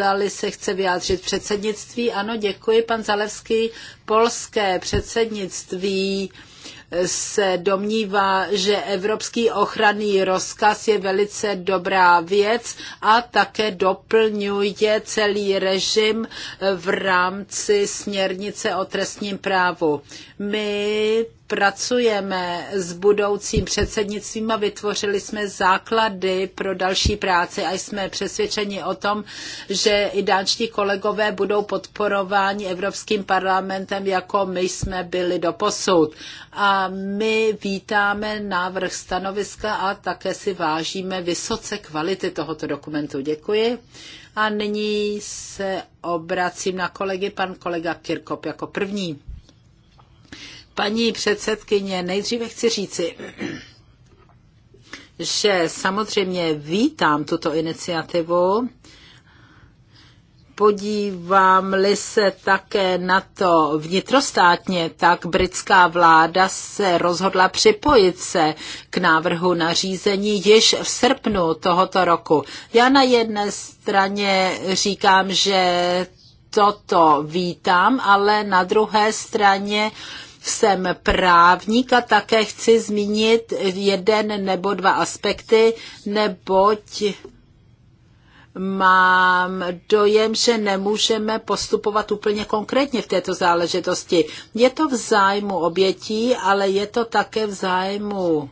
Dali se chce vyjádřit předsednictví. Ano, děkuji, pan Zalevský. Polské předsednictví se domnívá, že evropský ochranný rozkaz je velice dobrá věc a také doplňuje celý režim v rámci směrnice o trestním právu. My pracujeme s budoucím předsednictvím a vytvořili jsme základy pro další práci a jsme přesvědčeni o tom, že i dánští kolegové budou podporováni Evropským parlamentem, jako my jsme byli doposud a my vítáme návrh stanoviska a také si vážíme vysoce kvality tohoto dokumentu. Děkuji. A nyní se obracím na kolegy, pan kolega Kirkop jako první. Paní předsedkyně, nejdříve chci říci, že samozřejmě vítám tuto iniciativu Podívám-li se také na to vnitrostátně, tak britská vláda se rozhodla připojit se k návrhu nařízení již v srpnu tohoto roku. Já na jedné straně říkám, že toto vítám, ale na druhé straně jsem právník a také chci zmínit jeden nebo dva aspekty, neboť mám dojem, že nemůžeme postupovat úplně konkrétně v této záležitosti. Je to v zájmu obětí, ale je to také v zájmu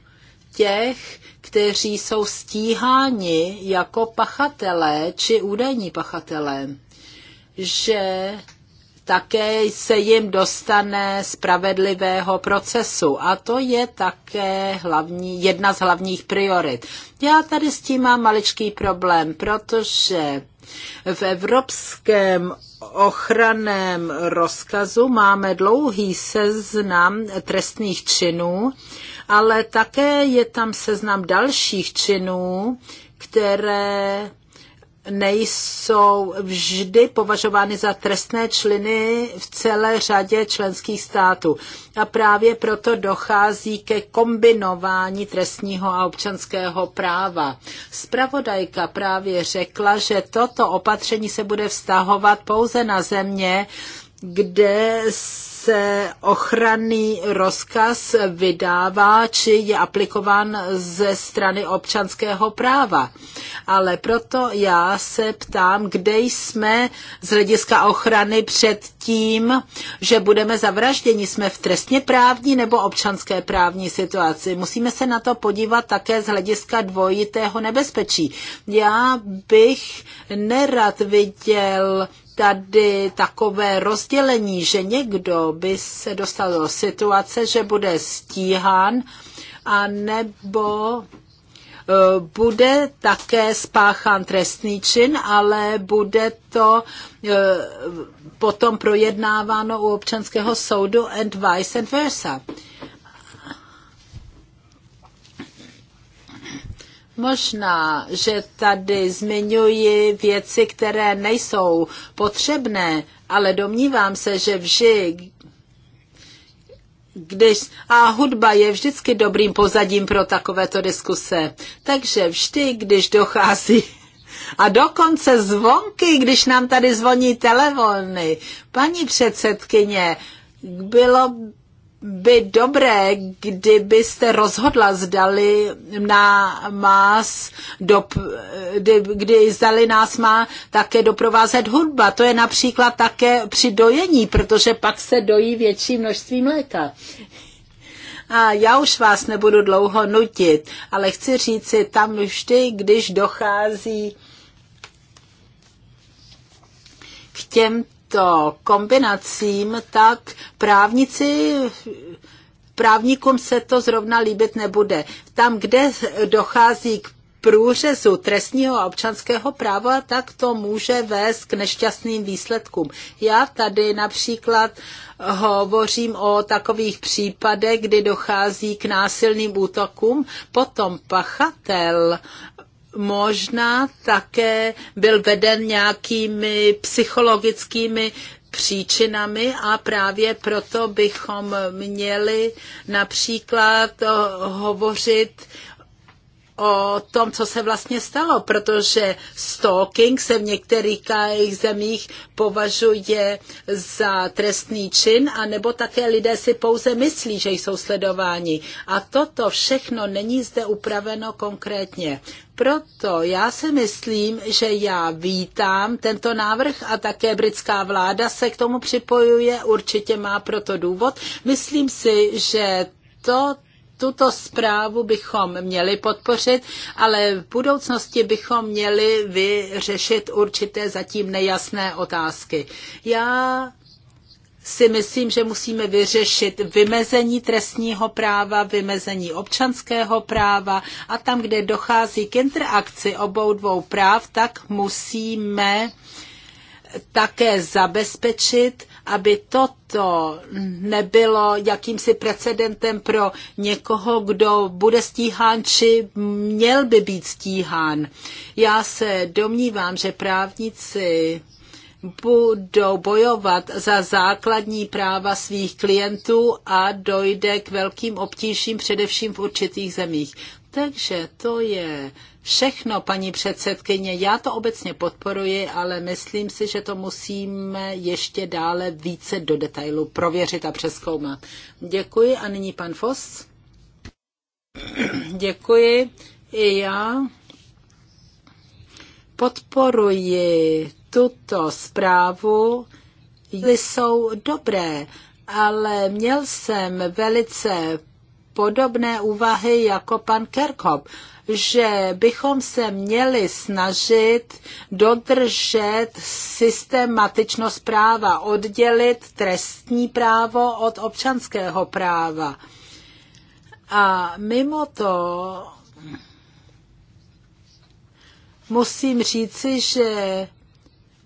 těch, kteří jsou stíháni jako pachatelé či údajní pachatelé, že také se jim dostane spravedlivého procesu. A to je také hlavní, jedna z hlavních priorit. Já tady s tím mám maličký problém, protože v evropském ochraném rozkazu máme dlouhý seznam trestných činů, ale také je tam seznam dalších činů, které nejsou vždy považovány za trestné členy v celé řadě členských států. A právě proto dochází ke kombinování trestního a občanského práva. Spravodajka právě řekla, že toto opatření se bude vztahovat pouze na země, kde se ochranný rozkaz vydává či je aplikován ze strany občanského práva. Ale proto já se ptám, kde jsme z hlediska ochrany před tím, že budeme zavražděni. Jsme v trestně právní nebo občanské právní situaci. Musíme se na to podívat také z hlediska dvojitého nebezpečí. Já bych nerad viděl tady takové rozdělení, že někdo by se dostal do situace, že bude stíhán a nebo e, bude také spáchán trestný čin, ale bude to e, potom projednáváno u občanského soudu and vice and versa. Možná, že tady zmiňuji věci, které nejsou potřebné, ale domnívám se, že vždy, když, a hudba je vždycky dobrým pozadím pro takovéto diskuse. Takže vždy, když dochází a dokonce zvonky, když nám tady zvoní telefony. Paní předsedkyně, bylo by dobré, kdybyste rozhodla, zdali na mas dop, kdy, kdy zdali nás má také doprovázet hudba. To je například také při dojení, protože pak se dojí větší množství mléka. A já už vás nebudu dlouho nutit, ale chci říci, tam vždy, když dochází k těm těmto kombinacím, tak právníci právníkům se to zrovna líbit nebude. Tam, kde dochází k průřezu trestního a občanského práva, tak to může vést k nešťastným výsledkům. Já tady například hovořím o takových případech, kdy dochází k násilným útokům, potom pachatel možná také byl veden nějakými psychologickými příčinami a právě proto bychom měli například hovořit o tom, co se vlastně stalo, protože stalking se v některých zemích považuje za trestný čin, anebo také lidé si pouze myslí, že jsou sledováni. A toto všechno není zde upraveno konkrétně. Proto já si myslím, že já vítám tento návrh a také britská vláda se k tomu připojuje, určitě má proto důvod. Myslím si, že to tuto zprávu bychom měli podpořit, ale v budoucnosti bychom měli vyřešit určité zatím nejasné otázky. Já si myslím, že musíme vyřešit vymezení trestního práva, vymezení občanského práva a tam, kde dochází k interakci obou dvou práv, tak musíme také zabezpečit, aby toto nebylo jakýmsi precedentem pro někoho, kdo bude stíhán, či měl by být stíhán. Já se domnívám, že právníci budou bojovat za základní práva svých klientů a dojde k velkým obtížím především v určitých zemích. Takže to je všechno, paní předsedkyně. Já to obecně podporuji, ale myslím si, že to musíme ještě dále více do detailu prověřit a přeskoumat. Děkuji a nyní pan Fos. Děkuji. I já podporuji tuto zprávu. Jsou dobré, ale měl jsem velice podobné úvahy jako pan Kerkhoff, že bychom se měli snažit dodržet systematičnost práva, oddělit trestní právo od občanského práva. A mimo to musím říci, že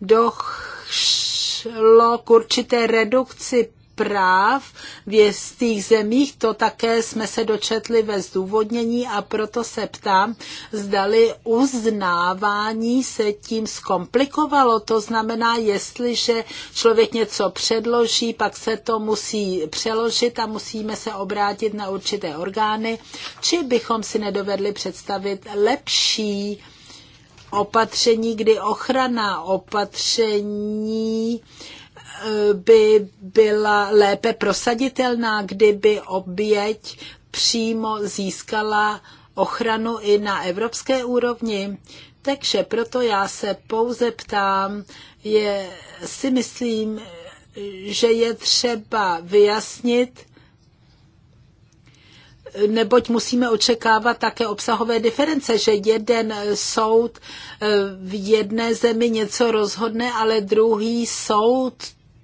došlo k určité redukci práv v jistých zemích. To také jsme se dočetli ve zdůvodnění a proto se ptám, zdali uznávání se tím zkomplikovalo. To znamená, jestliže člověk něco předloží, pak se to musí přeložit a musíme se obrátit na určité orgány, či bychom si nedovedli představit lepší opatření, kdy ochrana opatření by byla lépe prosaditelná, kdyby oběť přímo získala ochranu i na evropské úrovni. Takže proto já se pouze ptám, je, si myslím, že je třeba vyjasnit, neboť musíme očekávat také obsahové diference, že jeden soud eh, v jedné zemi něco rozhodne, ale druhý soud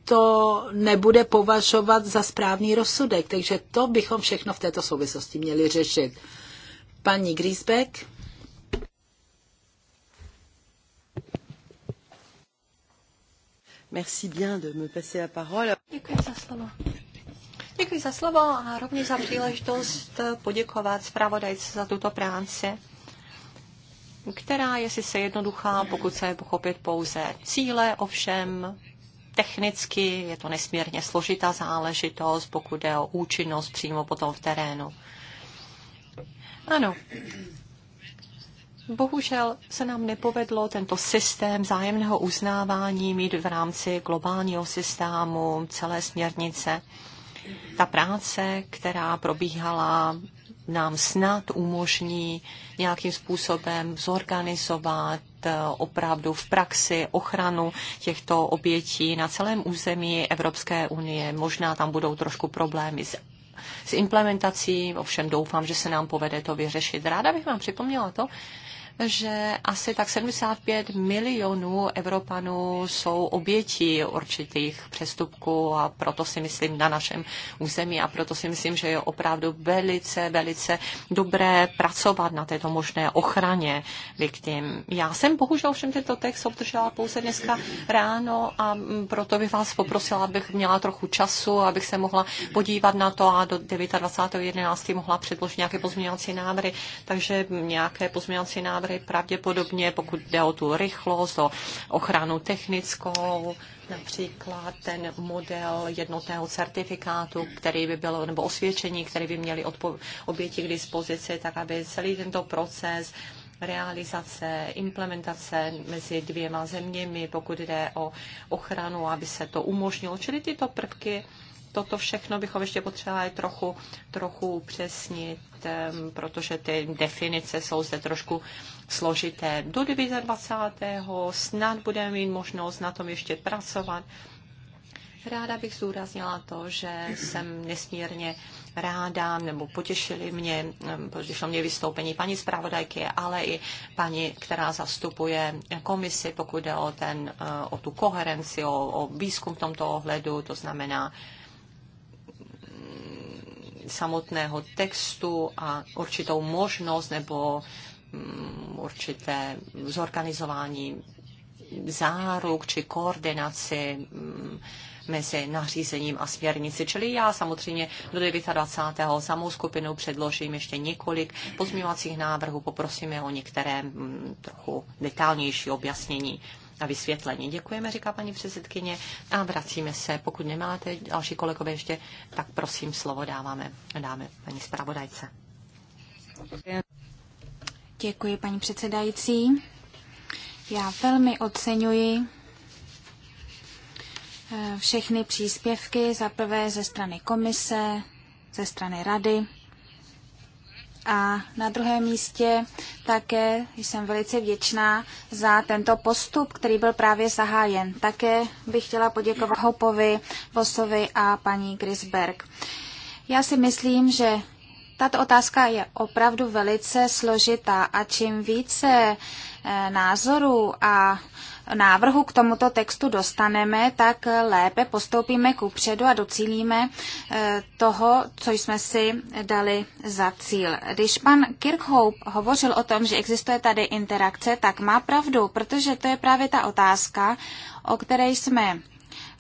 to nebude považovat za správný rozsudek. Takže to bychom všechno v této souvislosti měli řešit. Paní Griesbeck. Merci bien de me passer la parole. Děkuji za slovo. Děkuji za slovo a rovněž za příležitost poděkovat zpravodajce za tuto práci, která je sice jednoduchá, pokud se je pochopit pouze cíle, ovšem technicky je to nesmírně složitá záležitost, pokud je o účinnost přímo potom v terénu. Ano. Bohužel se nám nepovedlo tento systém zájemného uznávání mít v rámci globálního systému celé směrnice. Ta práce, která probíhala, nám snad umožní nějakým způsobem zorganizovat Eh, opravdu v praxi ochranu těchto obětí na celém území Evropské unie. Možná tam budou trošku problémy s s implementací, ovšem doufám, že se nám povede to vyřešit. Ráda bych vám připomněla to, že asi tak 75 milionů Evropanů jsou oběti určitých přestupků a proto si myslím na našem území a proto si myslím, že je opravdu velice, velice dobré pracovat na této možné ochraně viktim. Já jsem bohužel všem tento text obdržela pouze dneska ráno a proto bych vás poprosila, abych měla trochu času, abych se mohla podívat na to a do 29.11. mohla předložit nějaké pozměňovací návrhy, takže nějaké pozměňovací návrhy sektory pravděpodobně, pokud jde o tu rychlost, o ochranu technickou, například ten model jednotného certifikátu, který by byl, nebo osvědčení, které by měli oběti k dispozici, tak aby celý tento proces realizace, implementace mezi dvěma zeměmi, pokud jde o ochranu, aby se to umožnilo. Čili tyto prvky toto všechno bychom ještě potřebovali trochu, trochu upřesnit, protože ty definice jsou zde trošku složité. Do 29. snad budeme mít možnost na tom ještě pracovat. Ráda bych zúraznila to, že jsem nesmírně ráda, nebo potěšili mě, potěšilo mě vystoupení paní zpravodajky, ale i paní, která zastupuje komisi, pokud jde o, ten, eh, o tu koherenci, o, o výzkum v tomto ohledu, to znamená samotného textu a určitou možnost nebo mm, určité zorganizování záruk či koordinaci mm, mezi nařízením a směrnici. Čili já samozřejmě do 29. samou skupinu předložím ještě několik pozměňovacích návrhů, poprosíme o některé mm, trochu detailnější objasnění na vysvětlení. Děkujeme, říká paní předsedkyně, a vracíme se. Pokud nemáte další kolegové ještě, tak prosím, slovo dáváme, dáme paní zpravodajce. Děkuji, paní předsedající. Já velmi oceňuji eh, všechny příspěvky, za prvé ze strany komise, ze strany rady. A na druhém místě také jsem velice vděčná za tento postup, který byl právě zahájen. Také bych chtěla poděkovat Hopovi, Vosovi a paní Grisberg. Já si myslím, že tato otázka je opravdu velice složitá a čím více eh, názorů a návrhu k tomuto textu dostaneme, tak lépe postoupíme ku předu a docílíme eh, toho, co jsme si dali za cíl. Když pan Kirkhope hovořil o tom, že existuje tady interakce, tak má pravdu, protože to je právě ta otázka, o které jsme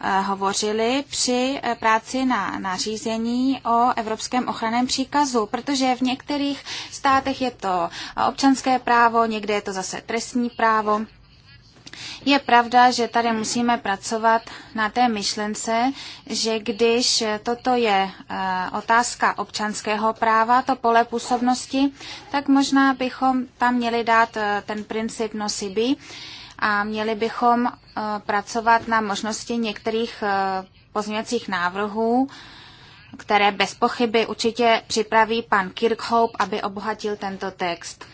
eh, hovořili při eh, práci na nařízení o Evropském ochranném příkazu, protože v některých státech je to občanské právo, někde je to zase trestní právo. Je pravda, že tady musíme pracovat na té myšlence, že když toto je e, otázka občanského práva, to pole působnosti, tak možná bychom tam měli dát e, ten princip nosiby a měli bychom e, pracovat na možnosti některých pozměňovacích návrhů, které bez pochyby určitě připraví pan Kirkhope, aby obohatil tento text.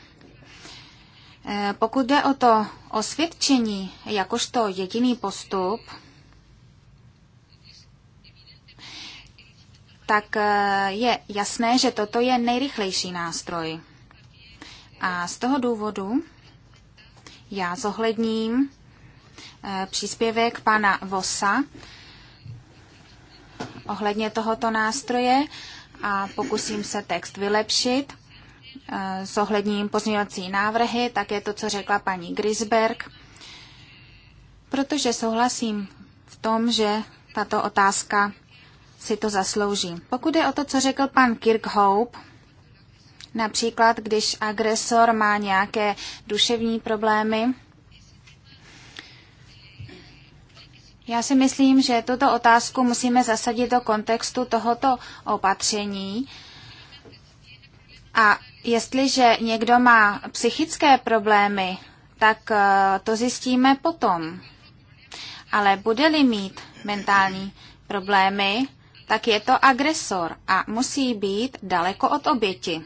Eh, pokud jde o to osvědčení jakožto jediný postup, tak eh, je jasné, že toto je nejrychlejší nástroj. A z toho důvodu já zohledním eh, příspěvek pana Vosa ohledně tohoto nástroje a pokusím se text vylepšit ohledním pozměňovací návrhy, tak je to, co řekla paní Grisberg, protože souhlasím v tom, že tato otázka si to zaslouží. Pokud je o to, co řekl pan Kirkhope, například když agresor má nějaké duševní problémy, Já si myslím, že tuto otázku musíme zasadit do kontextu tohoto opatření a jestliže někdo má psychické problémy, tak eh, to zjistíme potom. Ale bude-li mít mentální problémy, tak je to agresor a musí být daleko od oběti.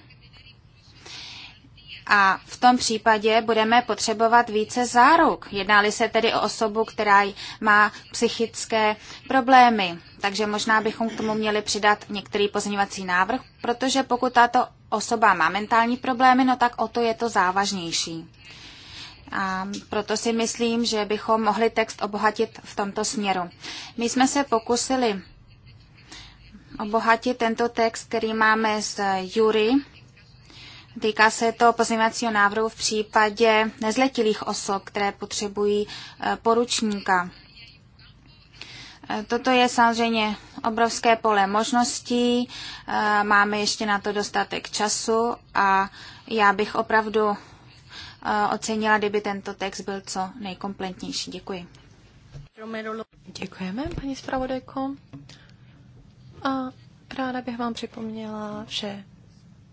A v tom případě budeme potřebovat více záruk. Jednáli se tedy o osobu, která má psychické problémy. Takže možná bychom k tomu měli přidat některý pozměňovací návrh, protože pokud tato osoba má mentální problémy, no tak o to je to závažnější. A proto si myslím, že bychom mohli text obohatit v tomto směru. My jsme se pokusili obohatit tento text, který máme z Jury, Týká se to pozměňovacího návrhu v případě nezletilých osob, které potřebují eh, poručníka. Eh, toto je samozřejmě obrovské pole možností, eh, máme ještě na to dostatek času a já bych opravdu ocenila, kdyby tento text byl co nejkompletnější. Děkuji. Děkujeme, paní zpravodajko. A ráda bych vám připomněla, že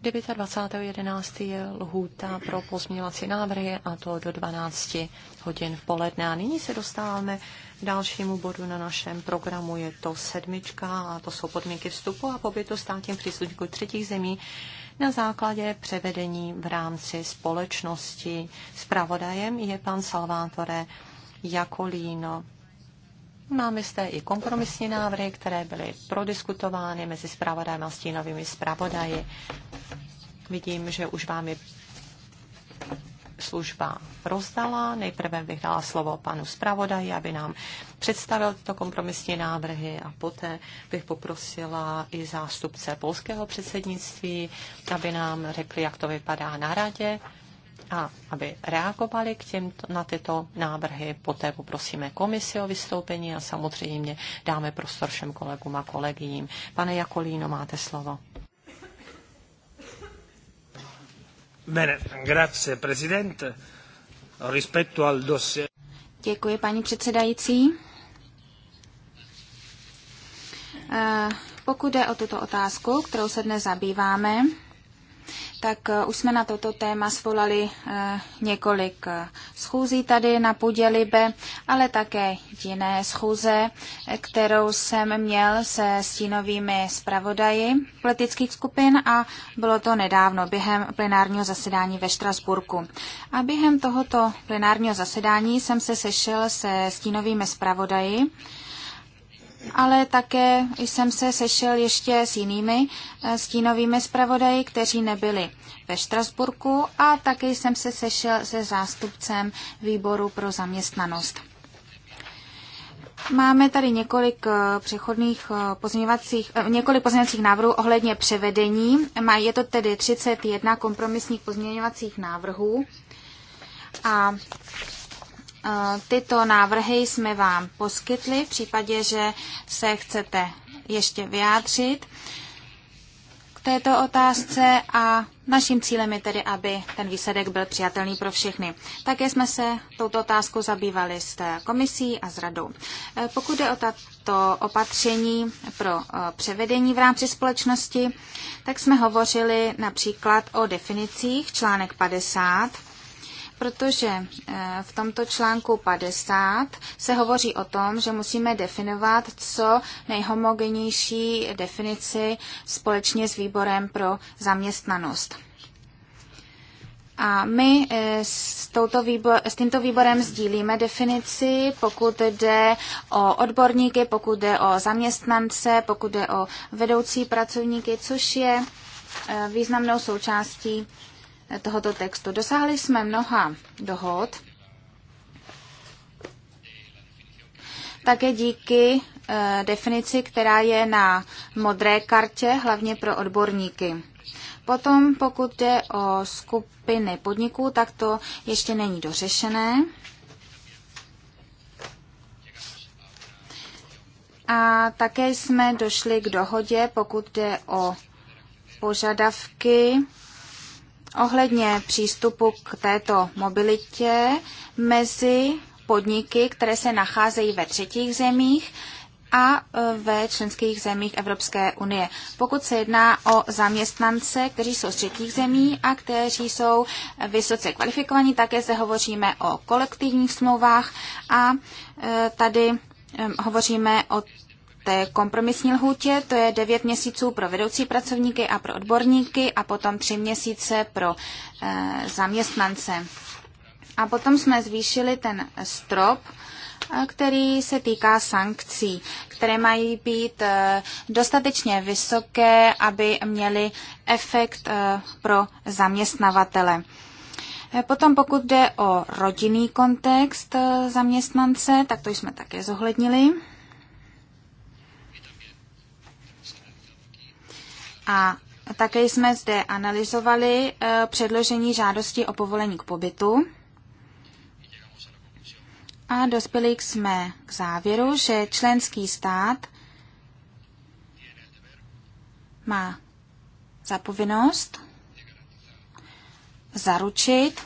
29.11. je lhůta pro pozměňovací návrhy a to do 12 hodin v poledne. A nyní se dostáváme k dalšímu bodu na našem programu. Je to sedmička a to jsou podmínky vstupu a pobytu státním příslušníků třetích zemí na základě převedení v rámci společnosti. Spravodajem je pan Salvatore Jakolíno. Máme zde i kompromisní návrhy, které byly prodiskutovány mezi zpravodajem a stínovými zpravodaji. Vidím, že už vám je služba rozdala. Nejprve bych dala slovo panu zpravodaji, aby nám představil tyto kompromisní návrhy a poté bych poprosila i zástupce polského předsednictví, aby nám řekli, jak to vypadá na radě a aby reagovali k těmto, na tyto návrhy. Poté poprosíme komisi o vystoupení a samozřejmě dáme prostor všem kolegům a kolegyním. Pane Jakolíno, máte slovo. Bene, grazie, presidente. Rispetto al dossier. Děkuji, paní předsedající. Eh, pokud jde o tuto otázku, kterou se dnes zabýváme, tak eh, už jsme na toto téma svolali eh, několik eh, schůzí tady na Pudělibe, ale také jiné schůze, kterou jsem měl se stínovými zpravodaji politických skupin a bylo to nedávno během plenárního zasedání ve Štrasburku. A během tohoto plenárního zasedání jsem se sešel se stínovými zpravodaji ale také jsem se sešel ještě s jinými eh, stínovými zpravodaji, kteří nebyli ve Štrasburku a také jsem se sešel se zástupcem výboru pro zaměstnanost. Máme tady několik eh, přechodných eh, pozměňovacích, několik pozměňovacích návrhů ohledně převedení. Je to tedy 31 kompromisních pozměňovacích návrhů. A Tyto návrhy jsme vám poskytli v případě, že se chcete ještě vyjádřit k této otázce a naším cílem je tedy, aby ten výsledek byl přijatelný pro všechny. Také jsme se touto otázkou zabývali s komisí a s radou. E, pokud je o tato opatření pro e, převedení v rámci společnosti, tak jsme hovořili například o definicích článek 50 protože eh, v tomto článku 50 se hovoří o tom, že musíme definovat co nejhomogenější definici společně s výborem pro zaměstnanost. A my eh, s, touto výbor, s tímto výborem sdílíme definici, pokud jde o odborníky, pokud jde o zaměstnance, pokud jde o vedoucí pracovníky, což je eh, významnou součástí tohoto textu. Dosáhli jsme mnoha dohod, také díky eh, definici, která je na modré kartě, hlavně pro odborníky. Potom, pokud jde o skupiny podniků, tak to ještě není dořešené. A také jsme došli k dohodě, pokud jde o požadavky ohledně přístupu k této mobilitě mezi podniky, které se nacházejí ve třetích zemích a e, ve členských zemích Evropské unie. Pokud se jedná o zaměstnance, kteří jsou z třetích zemí a kteří jsou vysoce kvalifikovaní, také se hovoříme o kolektivních smlouvách a e, tady e, hovoříme o té kompromisní lhůtě, to je 9 měsíců pro vedoucí pracovníky a pro odborníky a potom 3 měsíce pro e, zaměstnance. A potom jsme zvýšili ten strop, eh, který se týká sankcí, které mají být eh, dostatečně vysoké, aby měly efekt pro zaměstnavatele. Potom pokud jde o rodinný kontext zaměstnance, tak to jsme také zohlednili. A také jsme zde analyzovali eh, předložení žádosti o povolení k pobytu a dospěli jsme k závěru, že členský stát má za povinnost zaručit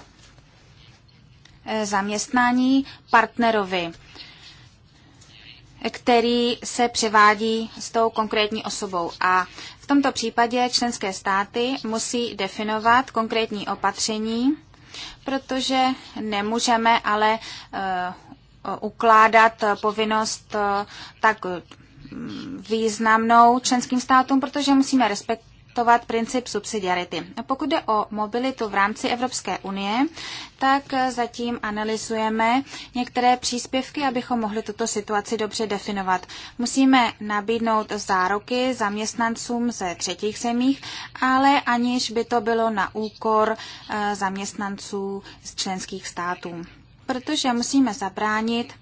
eh, zaměstnání partnerovi, který se převádí s tou konkrétní osobou. A v tomto případě členské státy musí definovat konkrétní opatření, protože nemůžeme ale eh, ukládat povinnost eh, tak mm, významnou členským státům, protože musíme respektovat respektovat princip subsidiarity. Pokud jde o mobilitu v rámci Evropské unie, tak zatím analyzujeme některé příspěvky, abychom mohli tuto situaci dobře definovat. Musíme nabídnout zároky zaměstnancům ze třetích zemích, ale aniž by to bylo na úkor eh, zaměstnanců z členských států. Protože musíme zabránit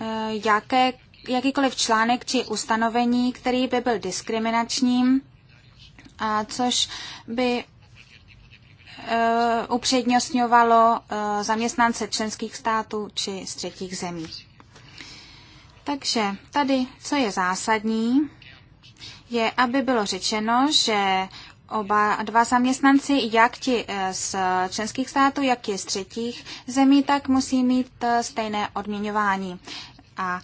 eh, jaké jakýkoliv článek či ustanovení, který by byl diskriminačním a což by eh, upřednostňovalo eh, zaměstnance členských států či z třetích zemí. Takže tady, co je zásadní, je, aby bylo řečeno, že oba dva zaměstnanci, jak ti eh, z členských států, jak ti z třetích zemí, tak musí mít stejné odměňování. A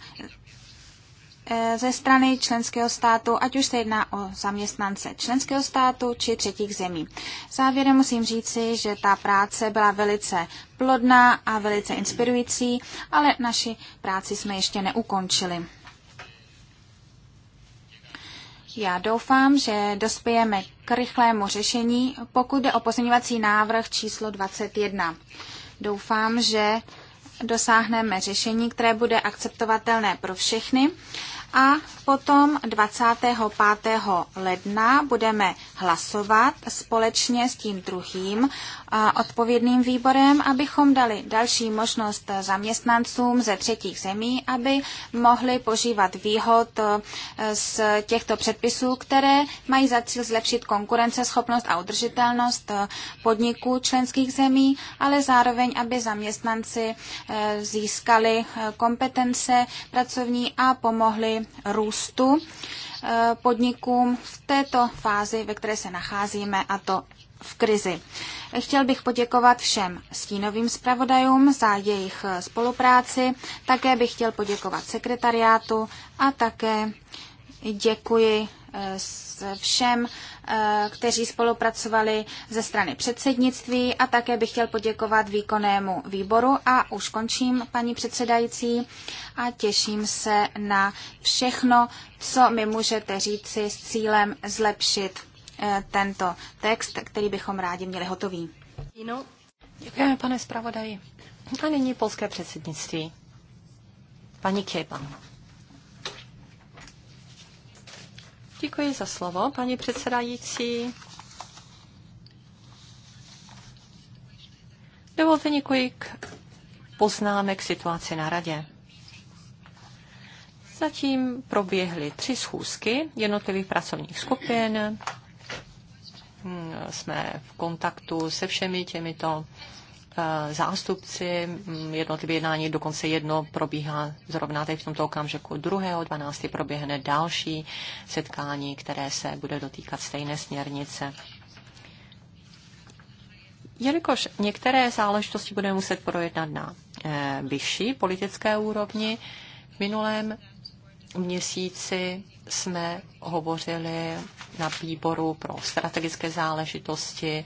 Eh, ze strany členského státu, ať už se jedná o zaměstnance členského státu či třetích zemí. Závěrem musím říci, že ta práce byla velice plodná a velice inspirující, ale naši práci jsme ještě neukončili. Já doufám, že dospějeme k rychlému řešení, pokud jde o pozměňovací návrh číslo 21. Doufám, že dosáhneme řešení, které bude akceptovatelné pro všechny a potom 25. ledna budeme hlasovat společně s tím druhým a odpovědným výborem, abychom dali další možnost zaměstnancům ze třetích zemí, aby mohli požívat výhod eh, z těchto předpisů, které mají za cíl zlepšit konkurenceschopnost a udržitelnost eh, podniků členských zemí, ale zároveň, aby zaměstnanci eh, získali kompetence pracovní a pomohli růstu podnikům v této fázi, ve které se nacházíme, a to v krizi. Chtěl bych poděkovat všem stínovým zpravodajům za jejich eh, spolupráci, také bych chtěl poděkovat sekretariátu a také děkuji eh, všem, eh, kteří spolupracovali ze strany předsednictví a také bych chtěl poděkovat výkonnému výboru a už končím, paní předsedající, a těším se na všechno, co mi můžete říci s cílem zlepšit Eh, tento text, který bychom rádi měli hotový. Děkujeme, pane zpravodaji. A nyní polské předsednictví. Paní Kejpan. Děkuji za slovo, paní předsedající. Dovolte několik poznámek situaci na radě. Zatím proběhly tři schůzky jednotlivých pracovních skupin Mm, jsme v kontaktu se všemi těmito eh, zástupci mm, jednotlivé jednání, dokonce jedno probíhá zrovna teď v tomto okamžiku 2.12. proběhne další setkání, které se bude dotýkat stejné směrnice. Jelikož některé záležitosti budeme muset projednat na eh, vyšší politické úrovni, v minulém měsíci jsme hovořili na výboru pro strategické záležitosti,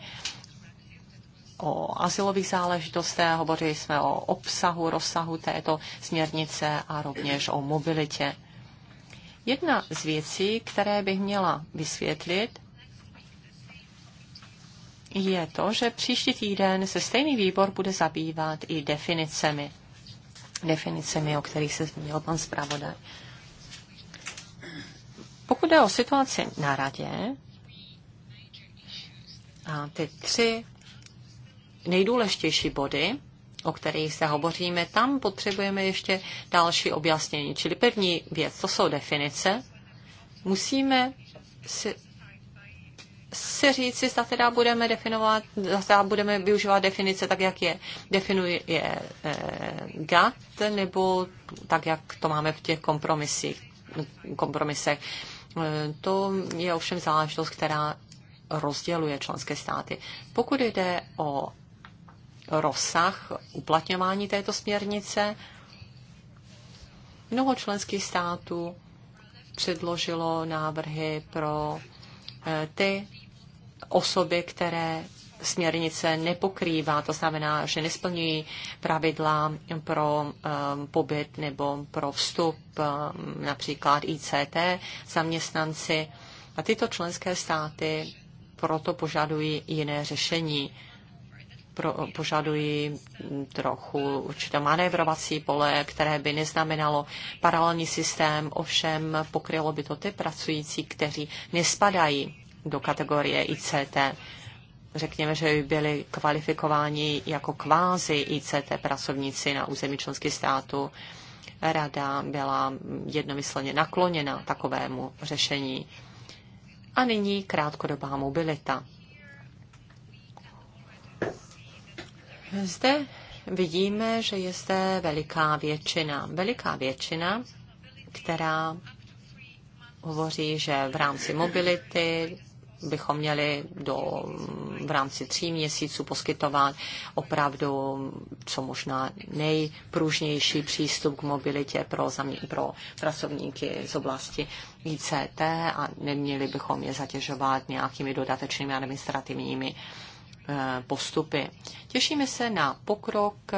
o asilových záležitostech, hovořili jsme o obsahu, rozsahu této směrnice a rovněž o mobilitě. Jedna z věcí, které bych měla vysvětlit, je to, že příští týden se stejný výbor bude zabývat i definicemi. Definicemi, o kterých se zmínil pan zpravodaj. Pokud jde o situaci na radě, a ty tři nejdůležitější body, o kterých se hovoříme, tam potřebujeme ještě další objasnění. Čili první věc, to jsou definice. Musíme si, si říct, zda teda budeme definovat, zda budeme využívat definice tak, jak je definuje eh, GATT, nebo tak, jak to máme v těch kompromisích, kompromisech. Eh, to je ovšem záležitost, která rozděluje členské státy. Pokud jde o rozsah uplatňování této směrnice, mnoho členských států předložilo návrhy pro eh, ty osoby, které směrnice nepokrývá, to znamená, že nesplňují pravidla pro um, pobyt nebo pro vstup um, například ICT zaměstnanci. A tyto členské státy proto požadují jiné řešení. Pro, požadují trochu určité manévrovací pole, které by neznamenalo paralelní systém, ovšem pokrylo by to ty pracující, kteří nespadají do kategorie ICT řekněme, že by byli kvalifikováni jako kvázi ICT pracovníci na území členských států. Rada byla jednomyslně nakloněna takovému řešení. A nyní krátkodobá mobilita. Zde vidíme, že je zde veliká většina. Veliká většina, která hovoří, že v rámci mobility bychom měli do v rámci tří měsíců poskytován opravdu co možná nejpružnější přístup k mobilitě pro, zamě- pro pracovníky z oblasti ICT a neměli bychom je zatěžovat nějakými dodatečnými administrativními eh, postupy. Těšíme se na pokrok eh,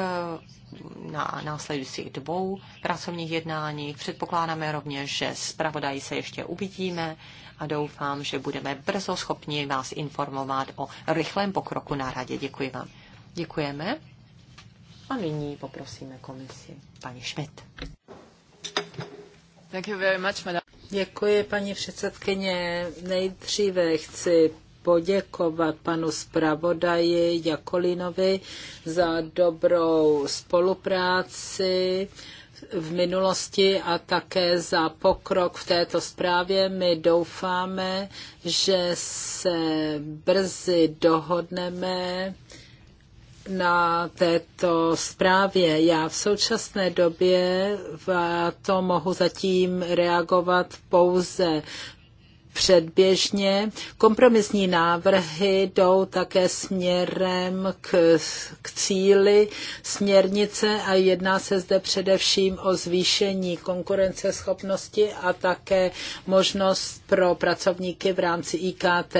na následujících dvou pracovních jednáních. Předpokládáme rovněž, že s pravodají se ještě uvidíme a doufám, že budeme brzo schopni vás informovat o rychlém pokroku na radě. Děkuji vám. Děkujeme. A nyní poprosíme komisi. Pani Schmidt. madam. Děkuji, paní předsedkyně. Nejdříve chci poděkovat panu zpravodaji Jakolinovi za dobrou spolupráci v minulosti a také za pokrok v této zprávě. My doufáme, že se brzy dohodneme na této zprávě. Já v současné době v to mohu zatím reagovat pouze předběžně. Kompromisní návrhy jdou také směrem k, k cíli směrnice a jedná se zde především o zvýšení konkurenceschopnosti a také možnost pro pracovníky v rámci IKT.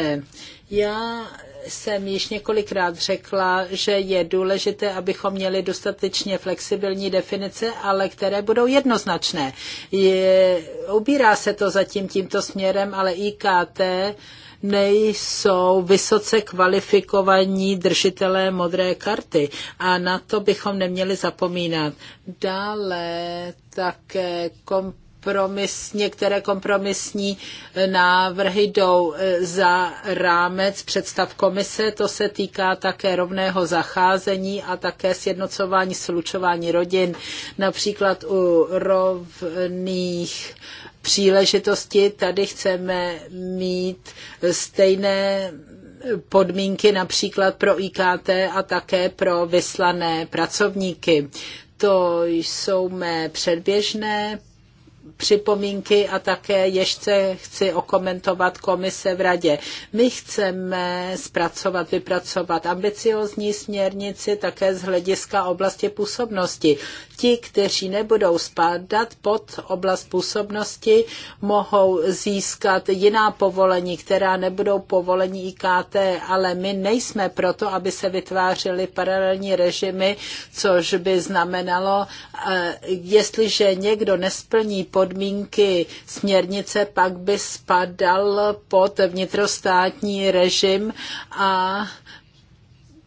Já jsem již několikrát řekla, že je důležité, abychom měli dostatečně flexibilní definice, ale které budou jednoznačné. Je, ubírá se to zatím tímto směrem, ale IKT nejsou vysoce kvalifikovaní držitelé modré karty a na to bychom neměli zapomínat. Dále také kompetence kompromis, některé kompromisní eh, návrhy jdou eh, za rámec představ komise. To se týká také rovného zacházení a také sjednocování, slučování rodin, například u rovných příležitosti. Tady chceme mít stejné podmínky například pro IKT a také pro vyslané pracovníky. To jsou mé předběžné připomínky a také ještě chci okomentovat komise v radě. My chceme zpracovat, vypracovat ambiciozní směrnici také z hlediska oblasti působnosti ti, kteří nebudou spadat pod oblast působnosti, mohou získat jiná povolení, která nebudou povolení IKT, ale my nejsme proto, aby se vytvářely paralelní režimy, což by znamenalo, eh, jestliže někdo nesplní podmínky směrnice, pak by spadal pod vnitrostátní režim a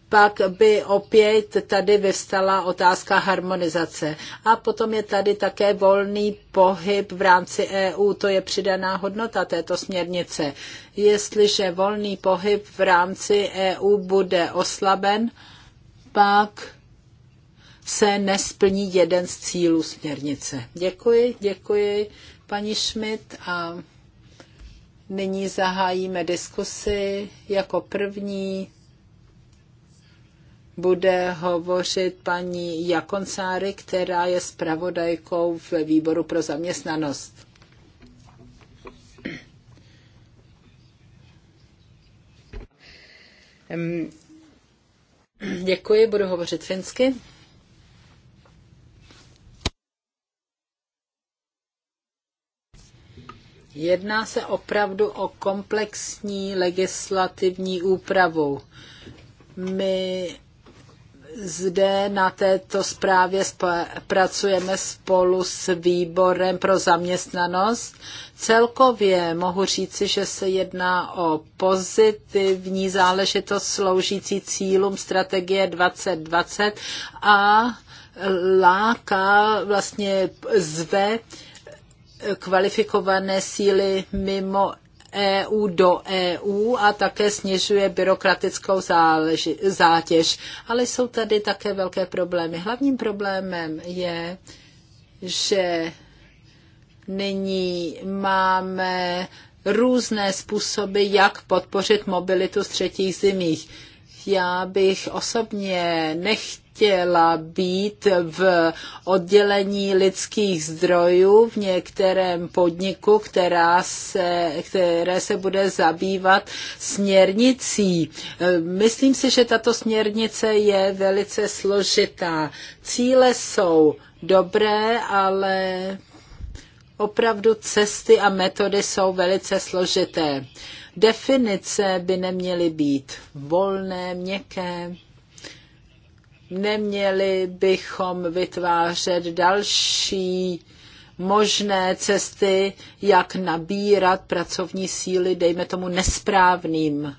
pak by opět tady vyvstala otázka harmonizace. A potom je tady také volný pohyb v rámci EU, to je přidaná hodnota této směrnice. Jestliže volný pohyb v rámci EU bude oslaben, pak se nesplní jeden z cílů směrnice. Děkuji, děkuji paní Schmidt a nyní zahájíme diskusy jako první bude hovořit paní Jakoncáry, která je zpravodajkou v výboru pro zaměstnanost. Děkuji, budu hovořit finsky. Jedná se opravdu o komplexní legislativní úpravu. My zde na této zprávě pracujeme spolu s výborem pro zaměstnanost. Celkově mohu říci, že se jedná o pozitivní záležitost sloužící cílům strategie 2020 a láká, vlastně zve kvalifikované síly mimo EU do EU a také snižuje byrokratickou záleži, zátěž. Ale jsou tady také velké problémy. Hlavním problémem je, že nyní máme různé způsoby, jak podpořit mobilitu z třetích zemích. Já bych osobně nechtěl chtěla být v oddělení lidských zdrojů v některém podniku, která se, které se bude zabývat směrnicí. Myslím si, že tato směrnice je velice složitá. Cíle jsou dobré, ale opravdu cesty a metody jsou velice složité. Definice by neměly být volné, měkké. Neměli bychom vytvářet další možné cesty, jak nabírat pracovní síly, dejme tomu, nesprávným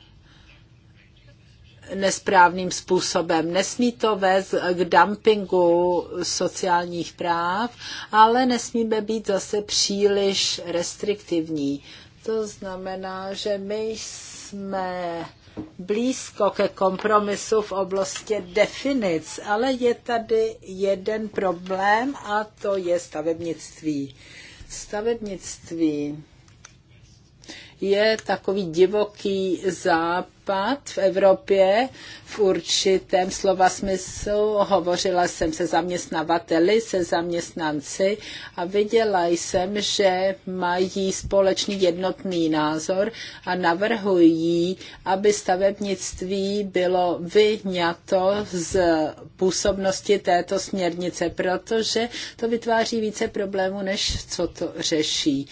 nesprávným způsobem. Nesmí to vést k dumpingu sociálních práv, ale nesmíme být zase příliš restriktivní. To znamená, že my jsme blízko ke kompromisu v oblasti definic, ale je tady jeden problém a to je stavebnictví. Stavebnictví je takový divoký západ případ v Evropě v určitém slova smyslu. Hovořila jsem se zaměstnavateli, se zaměstnanci a viděla jsem, že mají společný jednotný názor a navrhují, aby stavebnictví bylo vyňato z působnosti této směrnice, protože to vytváří více problémů, než co to řeší.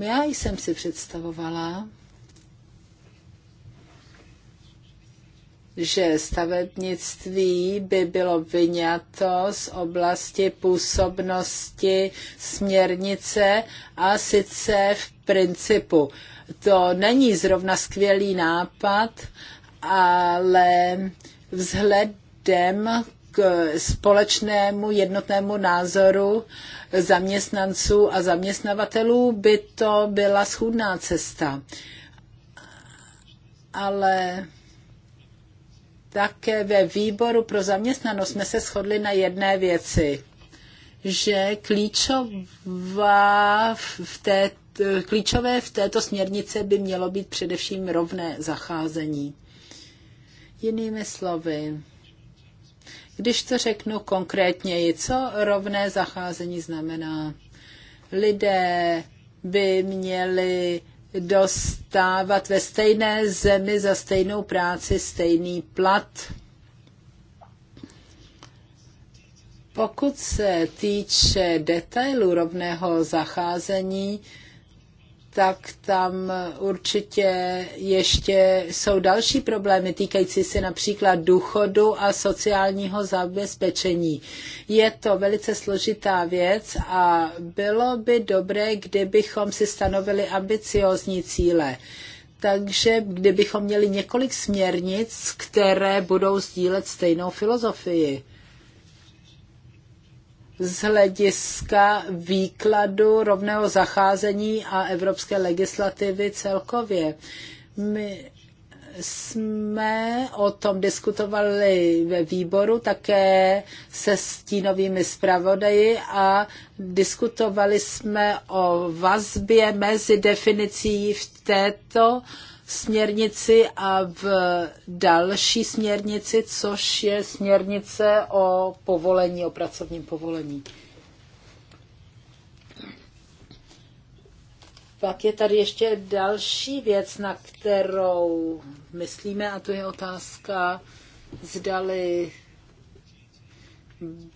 Já jsem si představovala, že stavebnictví by bylo vyňato z oblasti působnosti směrnice a sice v principu. To není zrovna skvělý nápad, ale vzhledem k společnému jednotnému názoru zaměstnanců a zaměstnavatelů by to byla schůdná cesta. Ale také ve výboru pro zaměstnanost jsme se shodli na jedné věci, že klíčová v té, klíčové v této směrnice by mělo být především rovné zacházení. Jinými slovy, když to řeknu konkrétněji, co rovné zacházení znamená? Lidé by měli dostávat ve stejné zemi za stejnou práci stejný plat. Pokud se týče detailu rovného zacházení, tak tam určitě ještě jsou další problémy týkající se například důchodu a sociálního zabezpečení. Je to velice složitá věc a bylo by dobré, kdybychom si stanovili ambiciozní cíle. Takže kdybychom měli několik směrnic, které budou sdílet stejnou filozofii z hlediska výkladu rovného zacházení a evropské legislativy celkově. My jsme o tom diskutovali ve výboru také se stínovými zpravodaji a diskutovali jsme o vazbě mezi definicí v této uh, směrnici a v další směrnici, což je směrnice o povolení, o pracovním povolení. Pak je tady ještě další věc, na kterou myslíme, a to je otázka, zdali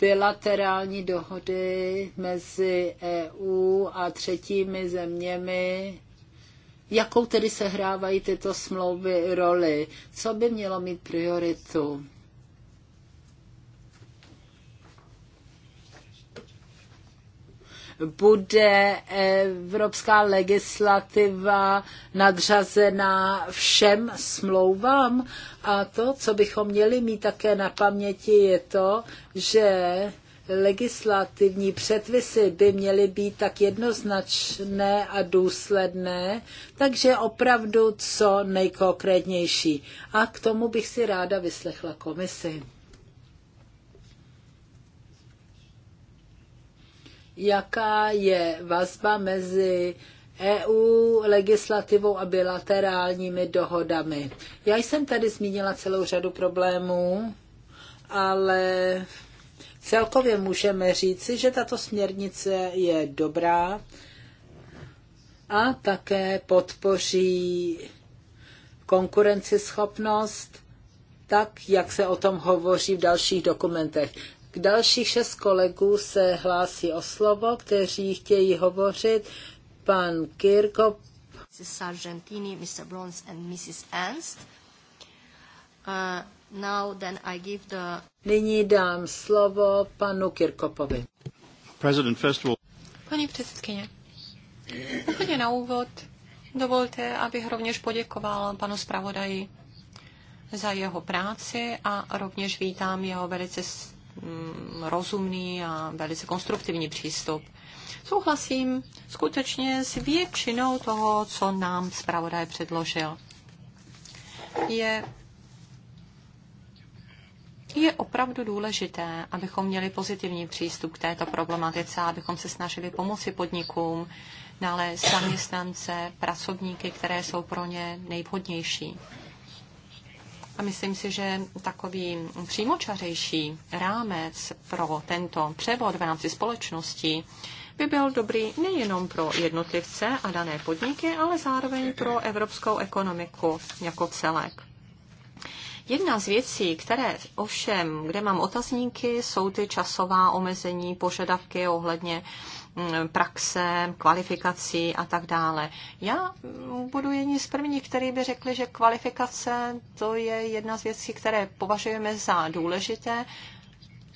bilaterální dohody mezi EU a třetími zeměmi Jakou tedy sehrávají tyto smlouvy roli? Co by mělo mít prioritu? bude evropská legislativa nadřazená všem smlouvám. A to, co bychom měli mít také na paměti, je to, že legislativní předpisy by měly být tak jednoznačné a důsledné, takže opravdu co nejkonkrétnější. A k tomu bych si ráda vyslechla komisi. Jaká je vazba mezi EU legislativou a bilaterálními dohodami? Já jsem tady zmínila celou řadu problémů, ale v Celkově můžeme říci, že tato směrnice je dobrá a také podpoří konkurenceschopnost, tak jak se o tom hovoří v dalších dokumentech. K dalších šest kolegů se hlásí o slovo, kteří chtějí hovořit. Pan Kirko, Mrs. Sargentini, Mr. Brons and Mrs. Ernst. Uh, Now then I give the... Nyní dám slovo panu Kirkopovi. President, first of all... Paní předsedkyně, úplně na úvod dovolte, abych rovněž poděkoval panu zpravodaji za jeho práci a rovněž vítám jeho velice mm, rozumný a velice konstruktivní přístup. Souhlasím skutečně s většinou toho, co nám zpravodaj předložil. Je je opravdu důležité, abychom měli pozitivní přístup k této problematice, abychom se snažili pomoci podnikům ale zaměstnance, pracovníky, které jsou pro ně nejvhodnější. A myslím si, že takový přímočařejší rámec pro tento převod v rámci společnosti by byl dobrý nejenom pro jednotlivce a dané podniky, ale zároveň pro evropskou ekonomiku jako celek. Jedna z věcí, které ovšem, kde mám otazníky, jsou ty časová omezení, požadavky ohledně mm, praxe, kvalifikací a tak dále. Já budu jedni z prvních, který by řekli, že kvalifikace to je jedna z věcí, které považujeme za důležité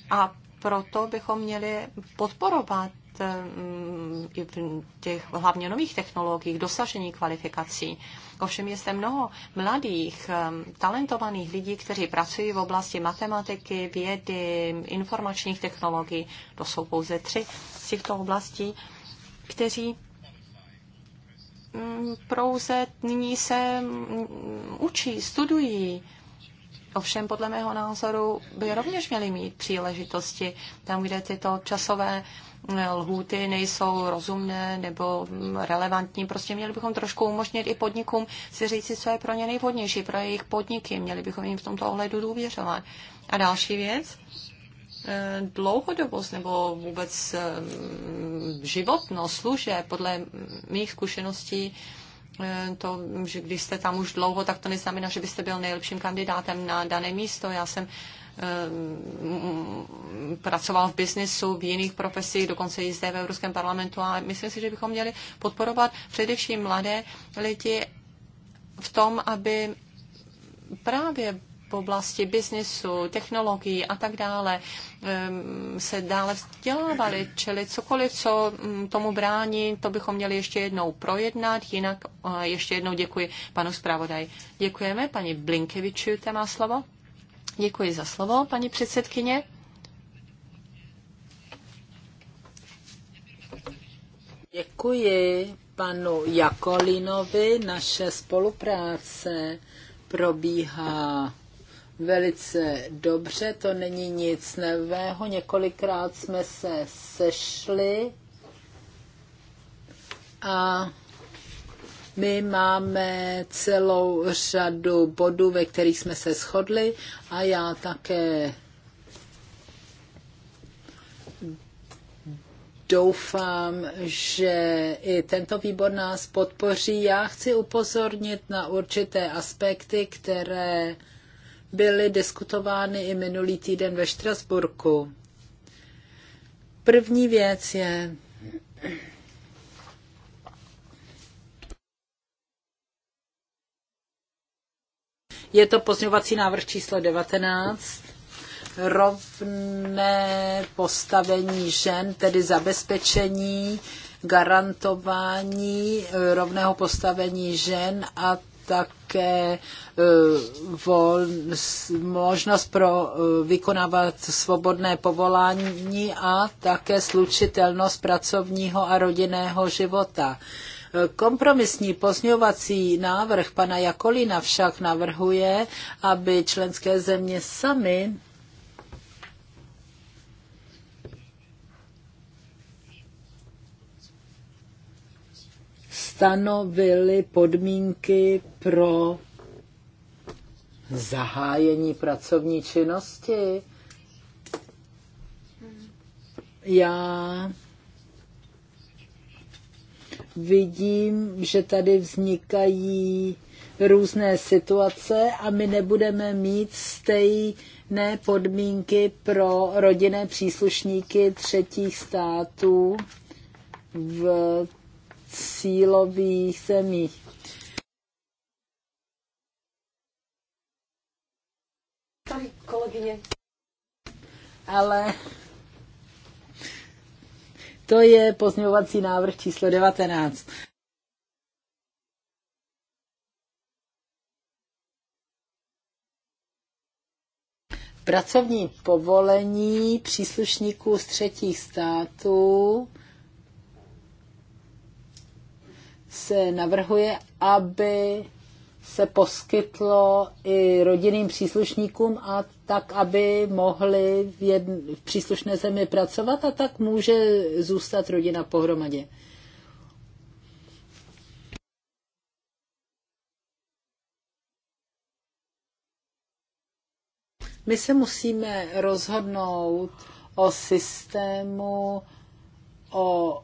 a proto bychom měli podporovat E, mm, i v těch hlavně nových technologiích, dosažení kvalifikací. Ovšem je zde mnoho mladých, e, talentovaných lidí, kteří pracují v oblasti matematiky, vědy, informačních technologií. To jsou pouze tři z těchto oblastí, kteří mm, prouze nyní se mm, učí, studují. Ovšem, podle mého názoru, by rovněž měli mít příležitosti tam, kde tyto časové lhůty nejsou rozumné nebo relevantní. Prostě měli bychom trošku umožnit i podnikům si říct co je pro ně nejvhodnější, pro jejich podniky. Měli bychom jim v tomto ohledu důvěřovat. A další věc, eh, dlouhodobost nebo vůbec eh, životnost služeb, podle mých zkušeností, eh, to, že když jste tam už dlouho, tak to neznamená, že byste byl nejlepším kandidátem na dané místo. Já jsem Ehm, pracoval v biznesu, v jiných profesích, dokonce i zde v Evropském parlamentu. A myslím si, že bychom měli podporovat především mladé lidi v tom, aby právě v oblasti biznesu, technologií a tak dále ehm, se dále vzdělávali, čili cokoliv, co mm, tomu brání, to bychom měli ještě jednou projednat, jinak ještě jednou děkuji panu zpravodaj. Děkujeme, paní Blinkeviču, má slovo. Děkuji za slovo, paní předsedkyně. Děkuji panu Jakolinovi. Naše spolupráce probíhá velice dobře, to není nic nového. Několikrát jsme se sešli a my máme celou řadu bodů, ve kterých jsme se shodli a já také doufám, že i tento výbor nás podpoří. Já chci upozornit na určité aspekty, které byly diskutovány i minulý týden ve Štrasburku. První věc je, Je to pozňovací návrh číslo 19. Rovné postavení žen, tedy zabezpečení, garantování eh, rovného postavení žen a také eh, vol, možnost pro eh, vykonávat svobodné povolání a také slučitelnost pracovního a rodinného života. Kompromisní pozňovací návrh pana Jakolina však navrhuje, aby členské země sami stanovily podmínky pro zahájení pracovní činnosti. Já vidím, že tady vznikají různé situace a my nebudeme mít stejné podmínky pro rodinné příslušníky třetích států v cílových zemích. Sorry, kolegyně. Ale to je pozměňovací návrh číslo 19. Pracovní povolení příslušníků z třetích států se navrhuje, aby se poskytlo i rodinným příslušníkům a tak aby mohli v, jedn, v příslušné zemi pracovat a tak může zůstat rodina pohromadě. My se musíme rozhodnout o systému, o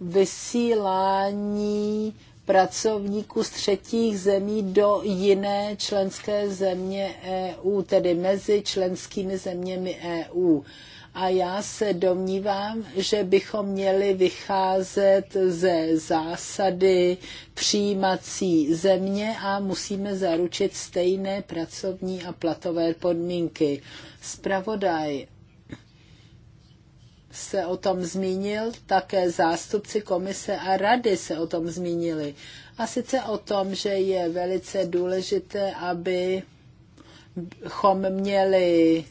vysílání pracovníků z třetích zemí do jiné členské země EU, tedy mezi členskými zeměmi EU. A já se domnívám, že bychom měli vycházet ze zásady přijímací země a musíme zaručit stejné pracovní a platové podmínky. Spravodaj se o tom zmínil, také zástupci komise a rady se o tom zmínili. A sice o tom, že je velice důležité, aby chom měli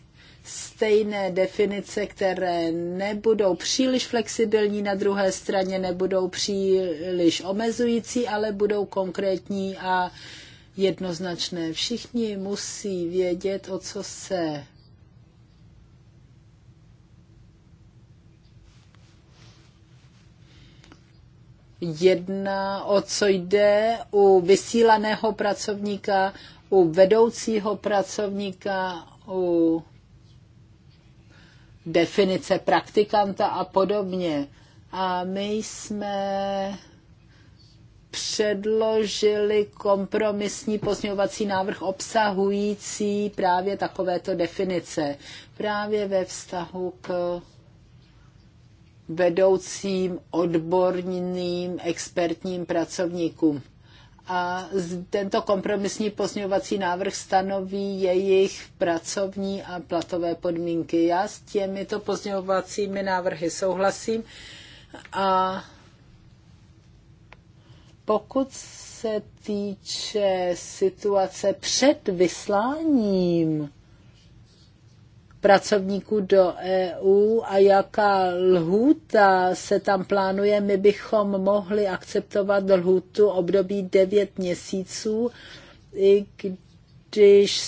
stejné definice, které nebudou příliš flexibilní, na druhé straně nebudou příliš omezující, ale budou konkrétní a jednoznačné. Všichni musí vědět, o co se jedna, o co jde u vysílaného pracovníka, u vedoucího pracovníka, u definice praktikanta a podobně. A my jsme předložili kompromisní pozměňovací návrh obsahující právě takovéto definice. Právě ve vztahu k vedoucím odborným expertním pracovníkům. A tento kompromisní pozměňovací návrh stanoví jejich pracovní a platové podmínky. Já s těmito pozměňovacími návrhy souhlasím a pokud se týče situace před vysláním, pracovníků do EU a jaká lhůta se tam plánuje, my bychom mohli akceptovat lhůtu období 9 měsíců, i když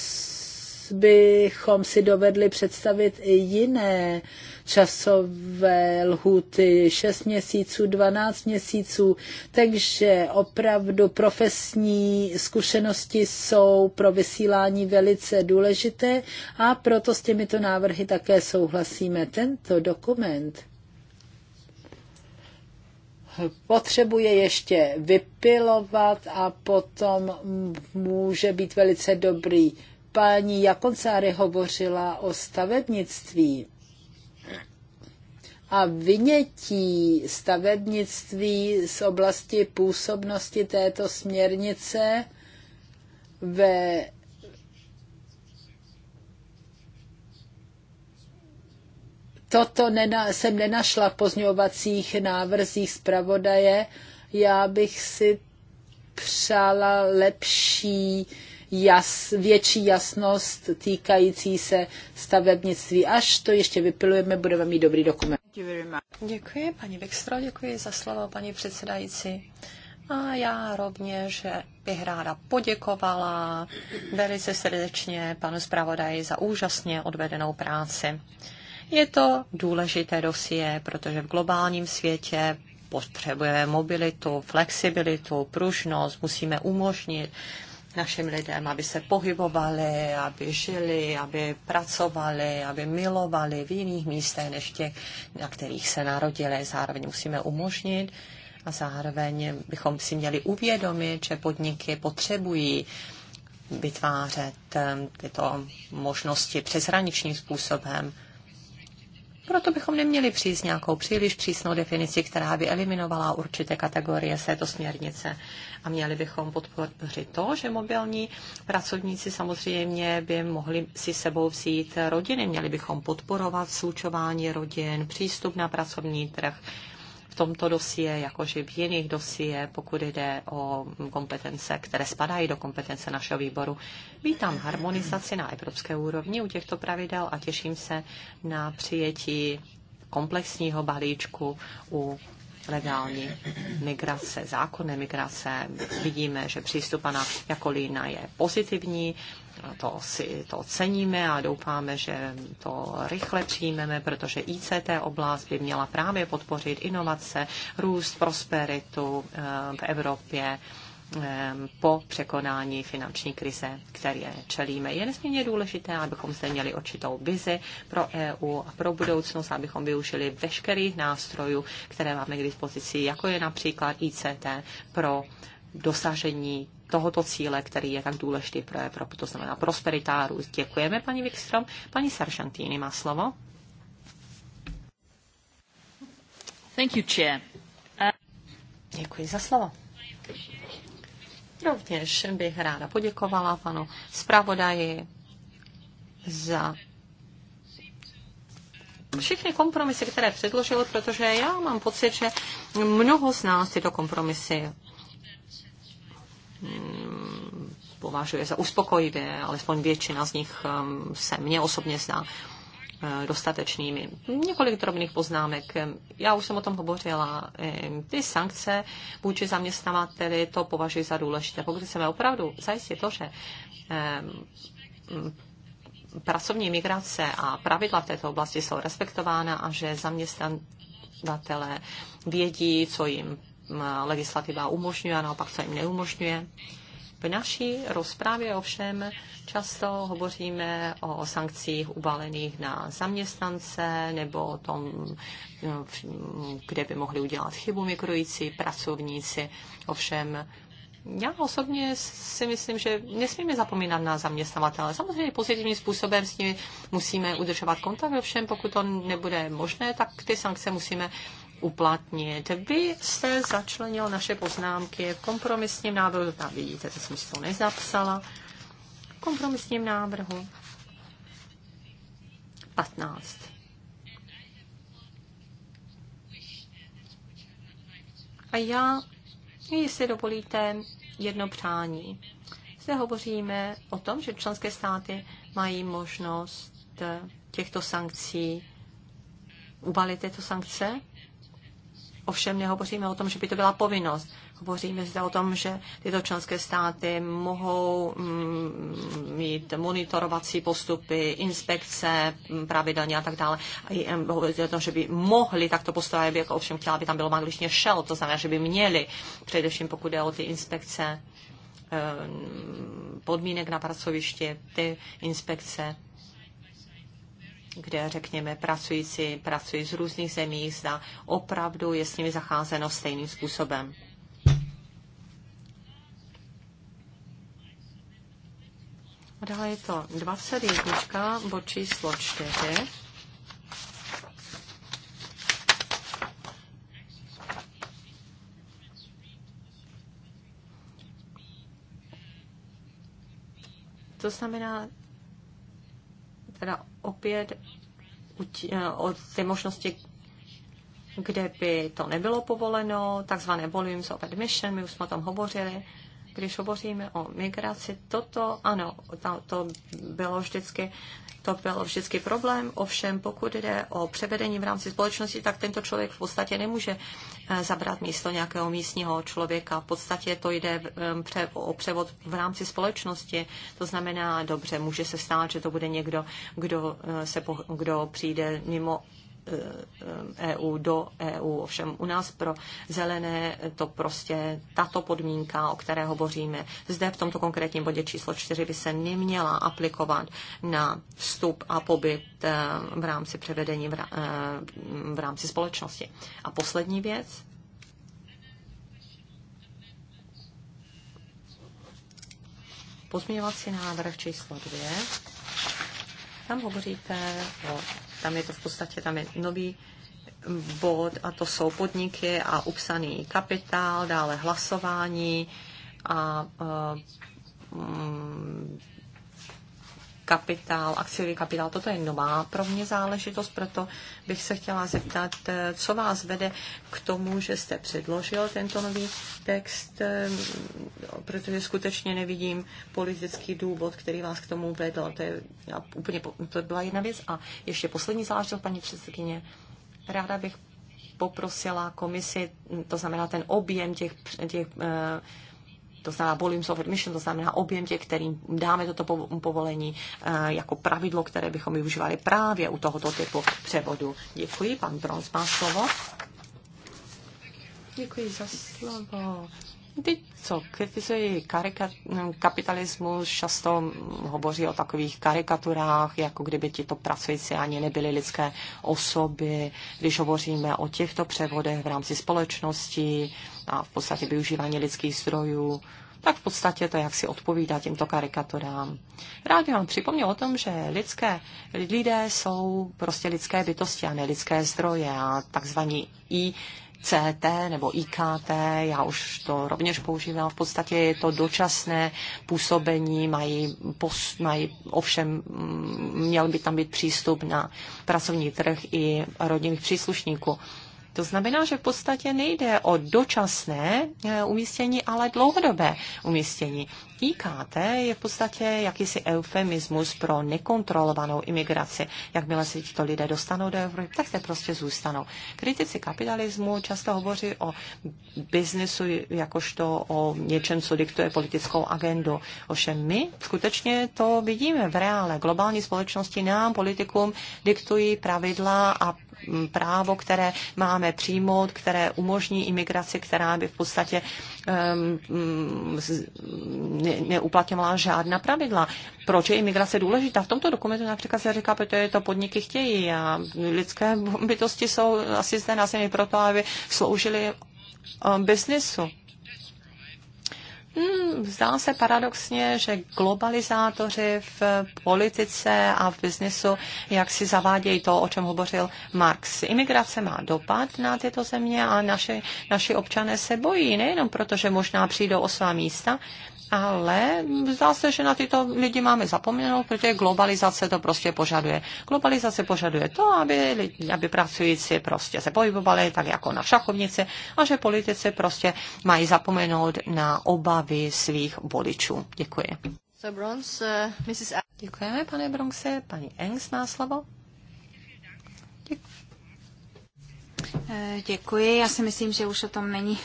bychom si dovedli představit i jiné časové lhuty 6 měsíců, 12 měsíců, takže opravdu profesní zkušenosti jsou pro vysílání velice důležité a proto s těmito návrhy také souhlasíme. Tento dokument potřebuje ještě vypilovat a potom může být velice dobrý. Paní Jakoncáry hovořila o stavebnictví a vynětí stavebnictví z oblasti působnosti této směrnice ve Toto nena, jsem nenašla v pozňovacích návrzích zpravodaje. Já bych si přála lepší jas, větší jasnost týkající se stavebnictví. Až to ještě vypilujeme, budeme mít dobrý dokument. Děkuji, paní Bextro, děkuji za slovo, paní předsedající. A já rovněž bych ráda poděkovala velice srdečně panu zpravodaji za úžasně odvedenou práci. Je to důležité dosie, protože v globálním světě potřebujeme mobilitu, flexibilitu, pružnost, musíme umožnit našim lidem, aby se pohybovali, aby žili, aby pracovali, aby milovali v jiných místech než těch, na kterých se narodili. Zároveň musíme umožnit a zároveň bychom si měli uvědomit, že podniky potřebují vytvářet eh, tyto možnosti přeshraničním způsobem. Proto bychom neměli přijít nějakou příliš přísnou definici, která by eliminovala určité kategorie z této směrnice. A měli bychom podpořit to, že mobilní pracovníci samozřejmě by mohli si sebou vzít rodiny. Měli bychom podporovat slučování rodin, přístup na pracovní trh v tomto dosie, jakož i v jiných dosie, pokud jde o kompetence, které spadají do kompetence našeho výboru. Vítám harmonizaci na evropské úrovni u těchto pravidel a těším se na přijetí komplexního balíčku u legální migrace, zákonné migrace. Vidíme, že přístup pana Jakolína je pozitivní, to si to ceníme a doufáme, že to rychle přijmeme, protože ICT oblast by měla právě podpořit inovace, růst, prosperitu eh, v Evropě po překonání finanční krize, které čelíme. Je nesmírně důležité, abychom zde měli určitou vizi pro EU a pro budoucnost, abychom využili veškerých nástrojů, které máme k dispozici, jako je například ICT pro dosažení tohoto cíle, který je tak důležitý pro Evropu, to znamená prosperita a růst. Děkujeme, paní Wikström. Paní Saržantýny má slovo. Thank you, chair. Uh... Děkuji za slovo. Rovněž bych ráda poděkovala panu zpravodaji za všechny kompromisy, které předložil, protože já mám pocit, že mnoho z nás tyto kompromisy mm, považuje za uspokojivé, alespoň většina z nich mm, se mně osobně zdá Eh, dostatečnými. Několik drobných poznámek. Já už jsem o tom hovořila. Eh, ty sankce vůči zaměstnavateli to považuji za důležité. Pokud chceme opravdu zajistit to, že eh, pracovní migrace a pravidla v této oblasti jsou respektována a že zaměstnavatele vědí, co jim legislativa umožňuje a naopak, co jim neumožňuje. V naší rozprávě ovšem často hovoříme o sankcích ubalených na zaměstnance nebo o tom, kde by mohli udělat chybu migrující pracovníci. Ovšem já osobně si myslím, že nesmíme zapomínat na zaměstnavatele. Samozřejmě pozitivním způsobem s nimi musíme udržovat kontakt, ovšem pokud to nebude možné, tak ty sankce musíme uplatnit. Vy jste začlenil naše poznámky v kompromisním návrhu, tam vidíte, že jsem si to nezapsala, v kompromisním návrhu 15. A já, jestli dovolíte, jedno přání. Zde hovoříme o tom, že členské státy mají možnost těchto sankcí uvalit tyto sankce Ovšem nehovoříme o tom, že by to byla povinnost. Hovoříme zde o tom, že tyto členské státy mohou mm, mít monitorovací postupy, inspekce mm, pravidelně a tak dále. A hovoříme o tom, že by mohli takto postupovat, jako ovšem chtěla aby tam bylo angličtině šel, to znamená, že by měli, především pokud jde o ty inspekce eh, podmínek na pracoviště, ty inspekce kde, řekněme, pracující pracují z různých zemí, zda opravdu je s nimi zacházeno stejným způsobem. A dále je to 21, bod číslo 4. To znamená, teda opět eh, o ty možnosti, kde by to nebylo povoleno, takzvané volumes of admission, my už jsme o tom hovořili, když hovoříme o migraci, toto, ano, to, to bylo vždycky to byl vždycky problém, ovšem pokud jde o převedení v rámci společnosti, tak tento člověk v podstatě nemůže eh, zabrat místo nějakého místního člověka. V podstatě to jde eh, o převod v rámci společnosti. To znamená, dobře, může se stát, že to bude někdo, kdo, eh, se, kdo přijde mimo Eh, eh, EU do EU. Ovšem u nás pro zelené to prostě tato podmínka, o které hovoříme, zde v tomto konkrétním bodě číslo 4 by se neměla aplikovat na vstup a pobyt eh, v rámci převedení v rámci společnosti. A poslední věc, Pozměňovací návrh číslo 2. Tam hovoříte, o, tam je to v podstatě, tam je nový bod a to jsou podniky a upsaný kapitál, dále hlasování a um, kapitál, akciový kapitál, toto je nová pro mě záležitost, proto bych se chtěla zeptat, eh, co vás vede k tomu, že jste předložil tento nový text, eh, protože skutečně nevidím politický důvod, který vás k tomu vedl. To, je úplně, to byla jedna věc. A ještě poslední záležitost, paní předsedkyně. Ráda bych poprosila komisi, to znamená ten objem těch, těch eh, to znamená volumes of admission, to znamená objem těch, kterým dáme toto povolení eh, jako pravidlo, které bychom využívali právě u tohoto typu převodu. Děkuji, pan Brons má slovo. Děkuji za slovo. Ty, co kritizují karika- kapitalismus, často hovoří o takových karikaturách, jako kdyby tito pracující ani nebyli lidské osoby. Když hovoříme o těchto převodech v rámci společnosti a v podstatě využívání lidských zdrojů, tak v podstatě to jaksi odpovídá těmto karikaturám. Rád bych vám připomněl o tom, že lidské lidé jsou prostě lidské bytosti a ne lidské zdroje a takzvaní i CT nebo IKT, já už to rovněž používám, v podstatě je to dočasné působení, mají, pos, mají ovšem mm, měl by tam být přístup na pracovní trh i rodinných příslušníků. To znamená, že v podstatě nejde o dočasné eh, umístění, ale dlouhodobé umístění. IKT je v podstatě jakýsi eufemismus pro nekontrolovanou imigraci. Jakmile se tito lidé dostanou do Evropy, tak se prostě zůstanou. Kritici kapitalismu často hovoří o biznesu jakožto o něčem, co diktuje politickou agendu. Ovšem my skutečně to vidíme v reále. Globální společnosti nám, politikům, diktují pravidla a Mm, právo, které máme přijmout, které umožní imigraci, která by v podstatě mm, neuplatňovala žádná pravidla. Proč je imigrace důležitá? V tomto dokumentu například se říká, protože to podniky chtějí a lidské bytosti jsou asi zde na zemi proto, aby sloužily eh, biznesu. Hmm, zdá se paradoxně, že globalizátoři v politice a v biznesu jak si zavádějí to, o čem hovořil Marx. Imigrace má dopad na tyto země a naše, naši občané se bojí, nejenom proto, že možná přijdou o svá místa, ale zdá se, že na tyto lidi máme zapomenout, protože globalizace to prostě požaduje. Globalizace požaduje to, aby, lidi, aby pracující prostě se pohybovali tak jako na šachovnici a že politici prostě mají zapomenout na obavy svých voličů. Děkuji. So Bronx, uh, Mrs. Děkujeme, pane Bronxe. Paní Engs má slovo. Děkuji. Eh, děkuji. Já si myslím, že už o tom není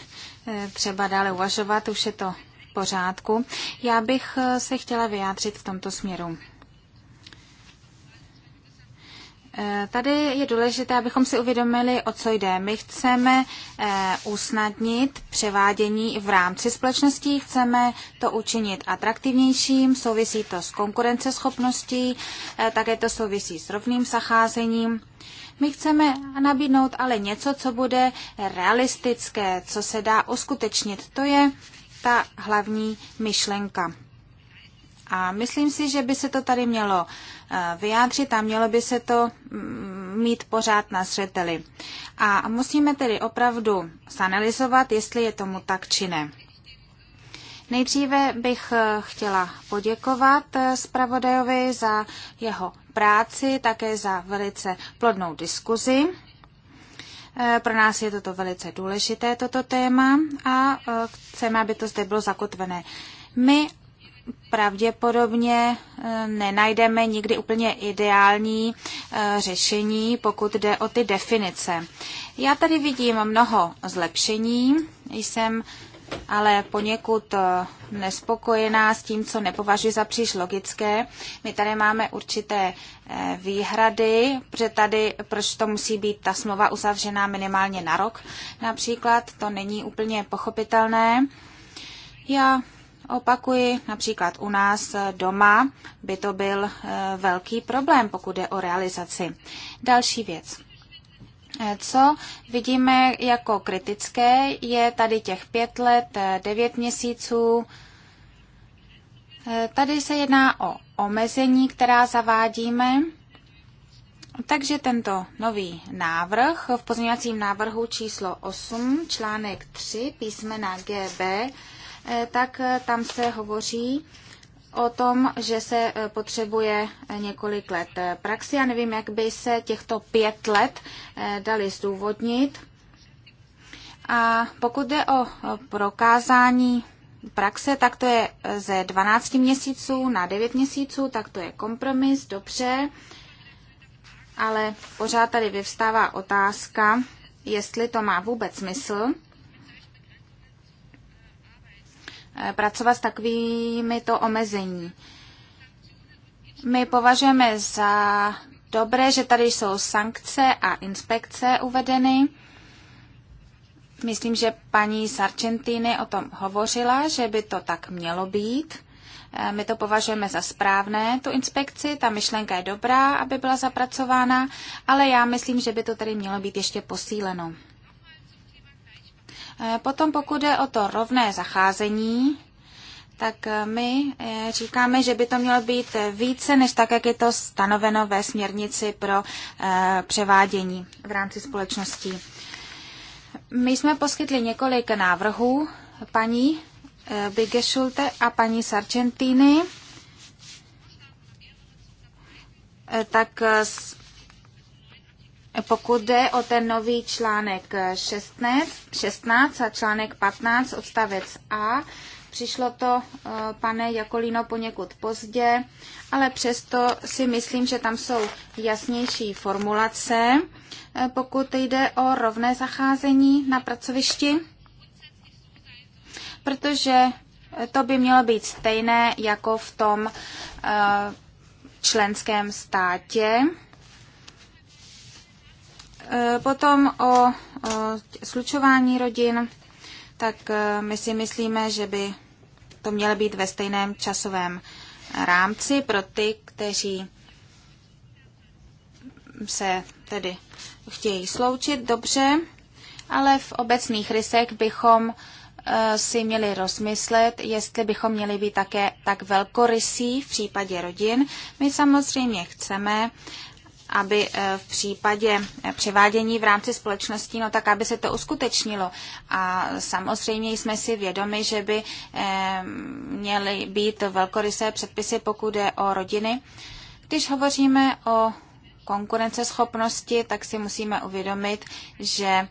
eh, třeba dále uvažovat. Už je to pořádku. Já bych eh, se chtěla vyjádřit v tomto směru. Eh, tady je důležité, abychom si uvědomili, o co jde. My chceme eh, usnadnit převádění v rámci společnosti, chceme to učinit atraktivnějším, souvisí to s konkurenceschopností, také to souvisí s rovným zacházením. My chceme nabídnout ale něco, co bude realistické, co se dá uskutečnit. To je ta hlavní myšlenka. A myslím si, že by se to tady mělo eh, vyjádřit a mělo by se to mm, mít pořád na zřeteli. A musíme tedy opravdu zanalizovat, jestli je tomu tak či ne. Nejdříve bych eh, chtěla poděkovat eh, zpravodajovi za jeho práci, také za velice plodnou diskuzi. Eh, pro nás je toto velice důležité, toto téma, a eh, chceme, aby to zde bylo zakotvené. My pravděpodobně eh, nenajdeme nikdy úplně ideální řešení, pokud jde o ty definice. Já tady vidím mnoho zlepšení. Jsem ale poněkud eh, nespokojená s tím, co nepovažuji za příliš logické. My tady máme určité eh, výhrady, protože tady, proč to musí být ta smlouva uzavřená minimálně na rok například, to není úplně pochopitelné. Já Opakuji, například u nás eh, doma by to byl velký problém, pokud je o realizaci. Další věc. Eh, co vidíme jako kritické, je tady těch pět let, eh, devět měsíců. Eh, tady se jedná o omezení, která zavádíme. Takže tento nový návrh v pozměňovacím návrhu číslo 8, článek 3, písmena GB, tak tam se hovoří o tom, že se e, potřebuje několik let praxi. Já nevím, jak by se těchto pět let e, dali zdůvodnit. A pokud jde o prokázání praxe, tak to je ze 12 měsíců na 9 měsíců, tak to je kompromis, dobře. Ale pořád tady vyvstává otázka, jestli to má vůbec smysl Eh, pracovat s takovými to omezení. My považujeme za dobré, že tady jsou sankce a inspekce uvedeny. Myslím, že paní Sarčentýny o tom hovořila, že by to tak mělo být. Eh, my to považujeme za správné, tu inspekci, ta myšlenka je dobrá, aby byla zapracována, ale já myslím, že by to tady mělo být ještě posíleno. Eh, potom pokud je o to rovné zacházení, tak eh, my eh, říkáme, že by to mělo být více než tak, jak je to stanoveno ve směrnici pro převádění v rámci společností. My jsme poskytli několik návrhů paní Bigeschulte a paní Sargentini. Tak pokud jde o ten nový článek 16, 16 a článek 15 odstavec A, přišlo to, eh, pane Jakolino, poněkud pozdě, ale přesto si myslím, že tam jsou jasnější formulace, eh, pokud jde o rovné zacházení na pracovišti, protože to by mělo být stejné jako v tom eh, členském státě Eh, potom o slučování rodin, tak eh, my si myslíme, že by to mělo být ve stejném časovém rámci pro ty, kteří se tedy chtějí sloučit dobře, ale v obecných rysech bychom eh, si měli rozmyslet, jestli bychom měli být také tak velkorysí v případě rodin. My samozřejmě chceme, aby eh, v případě eh, převádění v rámci společnosti, no tak aby se to uskutečnilo. A samozřejmě jsme si vědomi, že by eh, měly být velkorysé předpisy, pokud je o rodiny. Když hovoříme o konkurenceschopnosti, tak si musíme uvědomit, že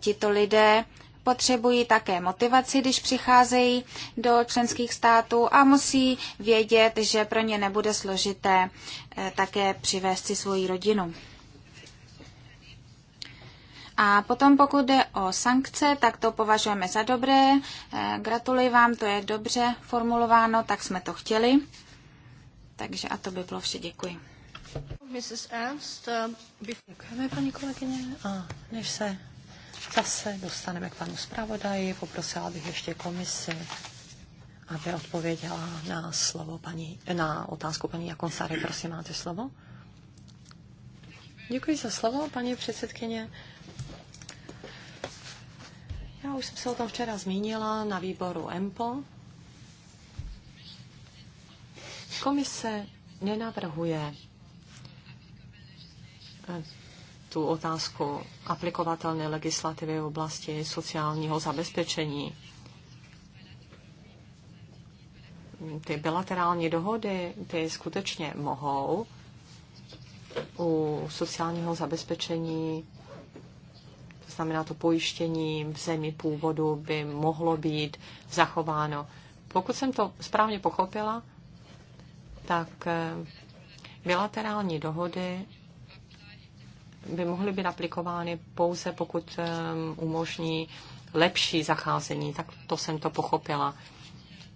tito lidé potřebují také motivaci, když přicházejí do členských států a musí vědět, že pro ně nebude složité eh, také přivést si svoji rodinu. A potom pokud jde o sankce, tak to považujeme za dobré. Eh, gratuluji vám, to je dobře formulováno, tak jsme to chtěli. Takže a to by bylo vše, děkuji. Mrs. Ernst, eh, Děkujeme, paní kolegyně. A než se zase dostaneme k panu zpravodaji. Poprosila bych ještě komisi, aby odpověděla na, slovo paní, na otázku paní Jakonsary. Prosím, máte slovo? Děkuji za slovo, paní předsedkyně. Já už jsem se o tom včera zmínila na výboru EMPO. Komise nenavrhuje tu otázku aplikovatelné legislativy v oblasti sociálního zabezpečení. Ty bilaterální dohody, ty skutečně mohou u sociálního zabezpečení, to znamená to pojištění v zemi původu by mohlo být zachováno. Pokud jsem to správně pochopila, tak bilaterální dohody by mohly být aplikovány pouze pokud ehm, umožní lepší zacházení. Tak to jsem to pochopila.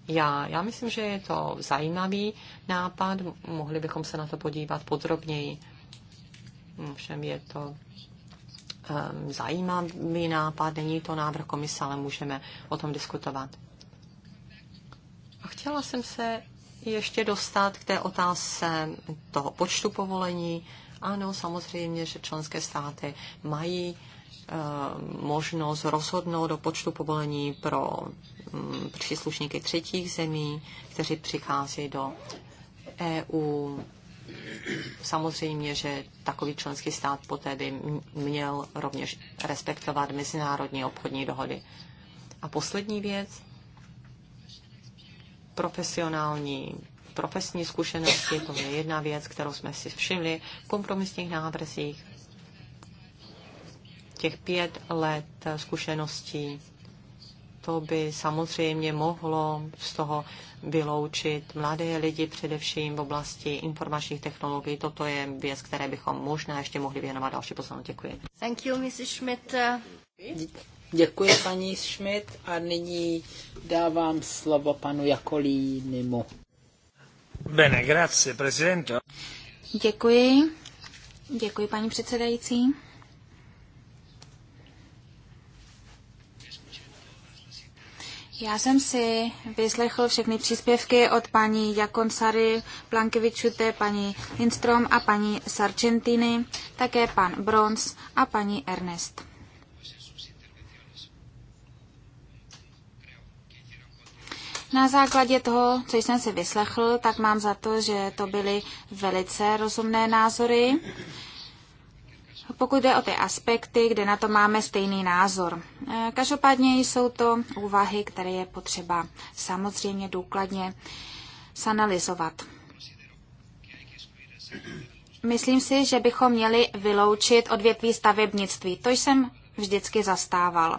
Já, já myslím, že je to zajímavý nápad, mohli bychom se na to podívat podrobněji. Všem je to um, zajímavý nápad, není to návrh komise, ale můžeme o tom diskutovat. A chtěla jsem se ještě dostat k té otázce toho počtu povolení ano, samozřejmě, že členské státy mají eh, možnost rozhodnout do počtu povolení pro mm, příslušníky třetích zemí, kteří přichází do EU. Samozřejmě, že takový členský stát poté by měl rovněž respektovat mezinárodní obchodní dohody. A poslední věc, profesionální profesní zkušenosti, to je jedna věc, kterou jsme si všimli v kompromisních návrzích. Těch pět let zkušeností, to by samozřejmě mohlo z toho vyloučit mladé lidi, především v oblasti informačních technologií. Toto je věc, které bychom možná ještě mohli věnovat další pozornost. Děkuji. Thank you, Mrs. Schmidt. Děkuji, paní Schmidt. A nyní dávám slovo panu Jakolínimu. Děkuji. Děkuji, paní předsedající. Já jsem si vyslechl všechny příspěvky od paní Jakonsary Plankevičute, paní Lindstrom a paní Sargentiny, také pan Brons a paní Ernest. Na základě toho, co jsem si vyslechl, tak mám za to, že to byly velice rozumné názory. Pokud jde o ty aspekty, kde na to máme stejný názor. E, každopádně jsou to úvahy, které je potřeba samozřejmě důkladně sanalizovat. Myslím si, že bychom měli vyloučit odvětví stavebnictví. To jsem vždycky zastával.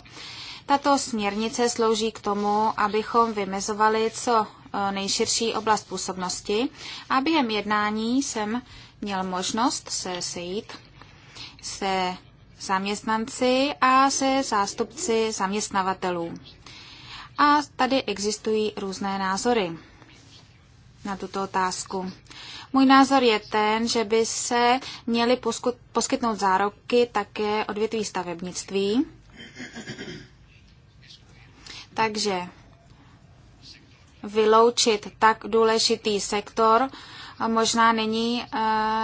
Tato směrnice slouží k tomu, abychom vymezovali co e, nejširší oblast působnosti a během jednání jsem měl možnost se sejít se zaměstnanci a se zástupci zaměstnavatelů. A tady existují různé názory na tuto otázku. Můj názor je ten, že by se měly poskytnout zároky také odvětví stavebnictví takže vyloučit tak důležitý sektor možná není eh,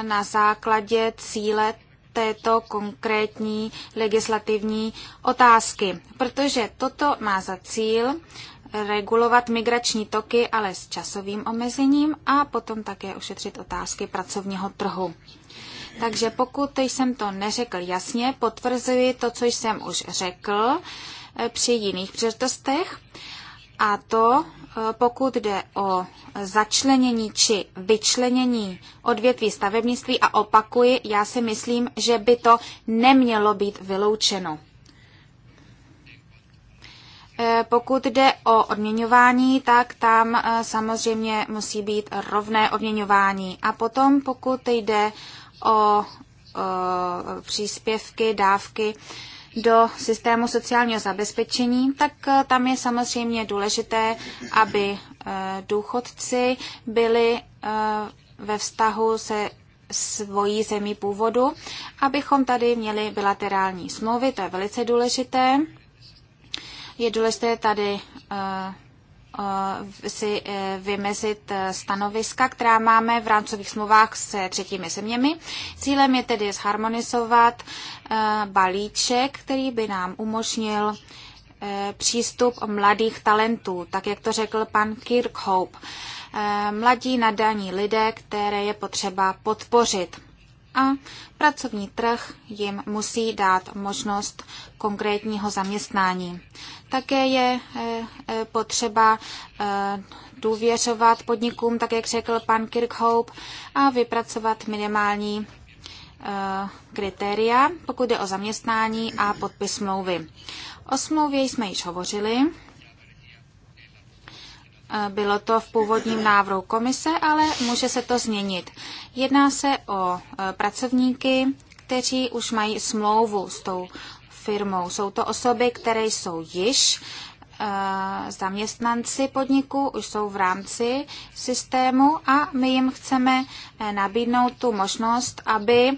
na základě cíle této konkrétní legislativní otázky, protože toto má za cíl regulovat migrační toky, ale s časovým omezením a potom také ošetřit otázky pracovního trhu. Takže pokud jsem to neřekl jasně, potvrzuji to, co jsem už řekl, Eh, při jiných příležitostech. A to eh, pokud jde o začlenění či vyčlenění odvětví stavebnictví a opakuji, já si myslím, že by to nemělo být vyloučeno. Eh, pokud jde o odměňování, tak tam samozřejmě musí být rovné odměňování. A potom, pokud jde o, o příspěvky, dávky, do systému sociálního zabezpečení, tak eh, tam je samozřejmě důležité, aby eh, důchodci byli eh, ve vztahu se svojí zemí původu, abychom tady měli bilaterální smlouvy, to je velice důležité. Je důležité tady si e, vymezit e, stanoviska, která máme v rámcových smlouvách se třetími zeměmi. Cílem je tedy zharmonizovat e, balíček, který by nám umožnil přístup mladých talentů, tak jak to řekl pan Kirkhope. Mladí nadaní lidé, které je potřeba podpořit a pracovní trh jim musí dát možnost konkrétního zaměstnání. Také je eh, eh, potřeba eh, důvěřovat podnikům, tak jak řekl pan Kirkhope, a vypracovat minimální kritéria, pokud je o zaměstnání a podpis smlouvy. O smlouvě jsme již hovořili. Bylo to v původním návrhu komise, ale může se to změnit. Jedná se o e, pracovníky, kteří už mají smlouvu s tou firmou. Jsou to osoby, které jsou již e, zaměstnanci podniku, už jsou v rámci systému a my jim chceme e, nabídnout tu možnost, aby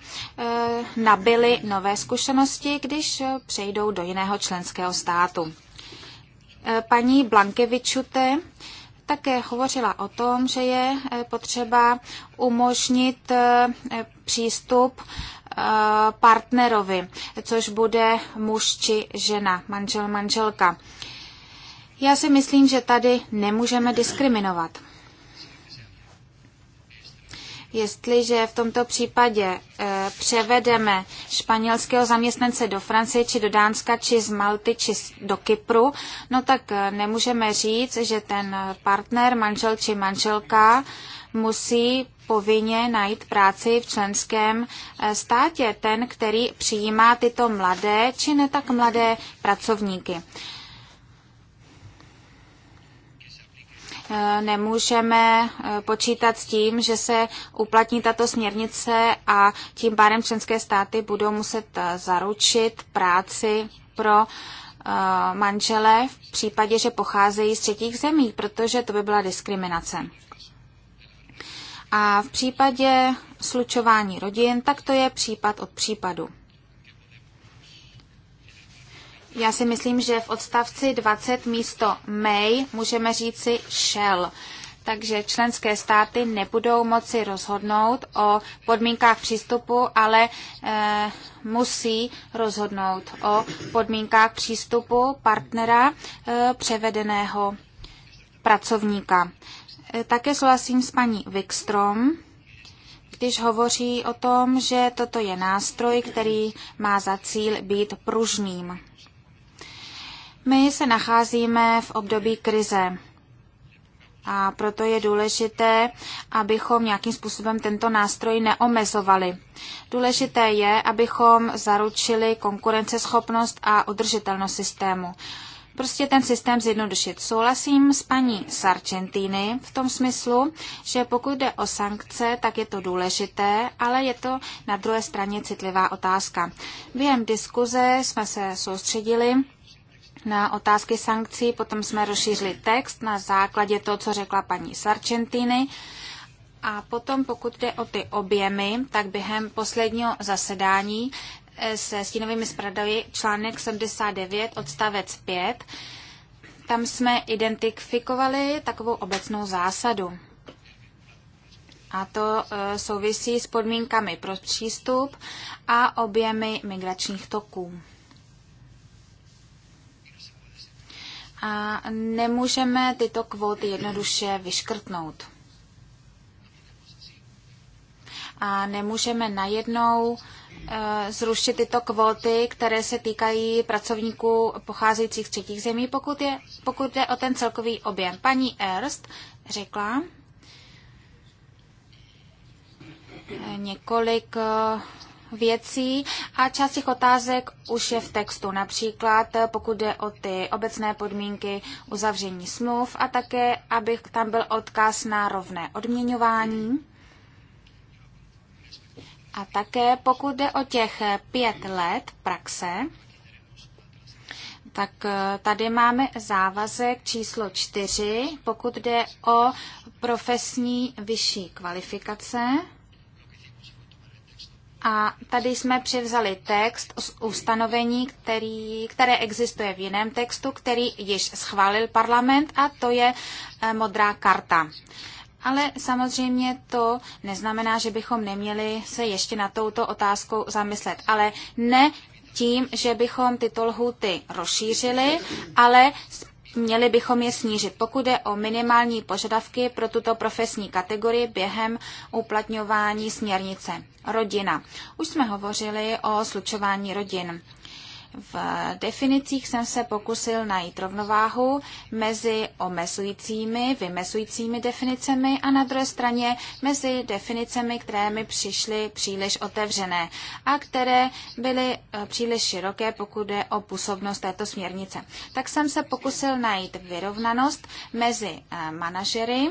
nabili nové zkušenosti, když přejdou do jiného členského státu. Paní Blankevičute také hovořila o tom, že je eh, potřeba umožnit eh, přístup eh, partnerovi, což bude muž či žena, manžel, manželka. Já si myslím, že tady nemůžeme diskriminovat. Jestliže v tomto případě eh, převedeme španělského zaměstnance do Francie, či do Dánska, či z Malty, či do Kypru, no tak eh, nemůžeme říct, že ten partner, manžel či manželka musí povinně najít práci v členském eh, státě, ten, který přijímá tyto mladé či ne tak mladé pracovníky. Eh, nemůžeme eh, počítat s tím, že se uplatní tato směrnice a tím pádem členské státy budou muset eh, zaručit práci pro manžele v případě, že pocházejí z třetích zemí, protože to by byla diskriminace. A v případě slučování rodin, tak to je případ od případu. Já si myslím, že v odstavci 20 místo may můžeme říci shall. Takže členské státy nebudou moci rozhodnout o podmínkách přístupu, ale e, musí rozhodnout o podmínkách přístupu partnera e, převedeného pracovníka. E, také souhlasím s paní Wikstrom, když hovoří o tom, že toto je nástroj, který má za cíl být pružným. My se nacházíme v období krize. A proto je důležité, abychom nějakým způsobem tento nástroj neomezovali. Důležité je, abychom zaručili konkurenceschopnost a udržitelnost systému. Prostě ten systém zjednodušit. Souhlasím s paní Sargentini v tom smyslu, že pokud jde o sankce, tak je to důležité, ale je to na druhé straně citlivá otázka. Během diskuze jsme se soustředili na otázky sankcí, potom jsme rozšířili text na základě toho, co řekla paní Sarčentiny. A potom, pokud jde o ty objemy, tak během posledního zasedání eh, se stínovými zpravodaji článek 79 odstavec 5, tam jsme identifikovali takovou obecnou zásadu. A to eh, souvisí s podmínkami pro přístup a objemy migračních toků. A nemůžeme tyto kvóty jednoduše vyškrtnout. A nemůžeme najednou eh, zrušit tyto kvóty, které se týkají pracovníků pocházejících z třetích zemí, pokud, je, pokud jde o ten celkový objem. Paní Erst řekla eh, několik eh, věcí a část těch otázek už je v textu, například eh, pokud jde o ty obecné podmínky uzavření smluv a také, aby tam byl odkaz na rovné odměňování. A také pokud jde o těch eh, pět let praxe, tak eh, tady máme závazek číslo čtyři, pokud jde o profesní vyšší kvalifikace. A tady jsme převzali text z ustanovení, který, které existuje v jiném textu, který již schválil parlament a to je e, modrá karta. Ale samozřejmě to neznamená, že bychom neměli se ještě na touto otázkou zamyslet. Ale ne tím, že bychom tyto lhuty rozšířili, ale Měli bychom je snížit, pokud je o minimální požadavky pro tuto profesní kategorii během uplatňování směrnice. Rodina. Už jsme hovořili o slučování rodin. V definicích jsem se pokusil najít rovnováhu mezi omezujícími, vymezujícími definicemi a na druhé straně mezi definicemi, které mi přišly příliš otevřené a které byly eh, příliš široké, pokud je o působnost této směrnice. Tak jsem se pokusil najít vyrovnanost mezi eh, manažery,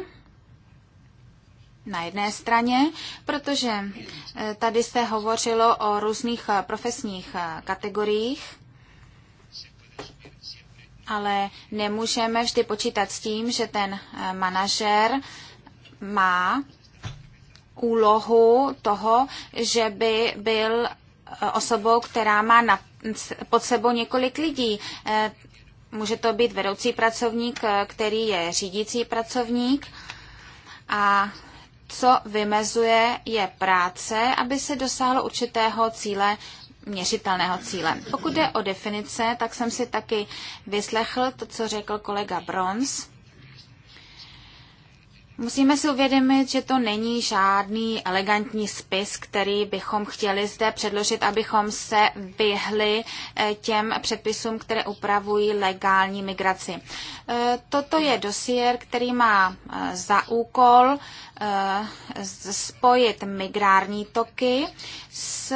na jedné straně, protože eh, tady se hovořilo o různých eh, profesních eh, kategoriích, ale nemůžeme vždy počítat s tím, že ten manažer má úlohu toho, že by byl osobou, která má na, pod sebou několik lidí. Může to být vedoucí pracovník, který je řídící pracovník a co vymezuje, je práce, aby se dosáhlo určitého cíle, měřitelného cíle. Pokud jde o definice, tak jsem si taky vyslechl to, co řekl kolega Brons. Musíme si uvědomit, že to není žádný elegantní spis, který bychom chtěli zde předložit, abychom se vyhli eh, těm předpisům, které upravují legální migraci. Eh, toto je dosier, který má eh, za úkol spojit migrární toky s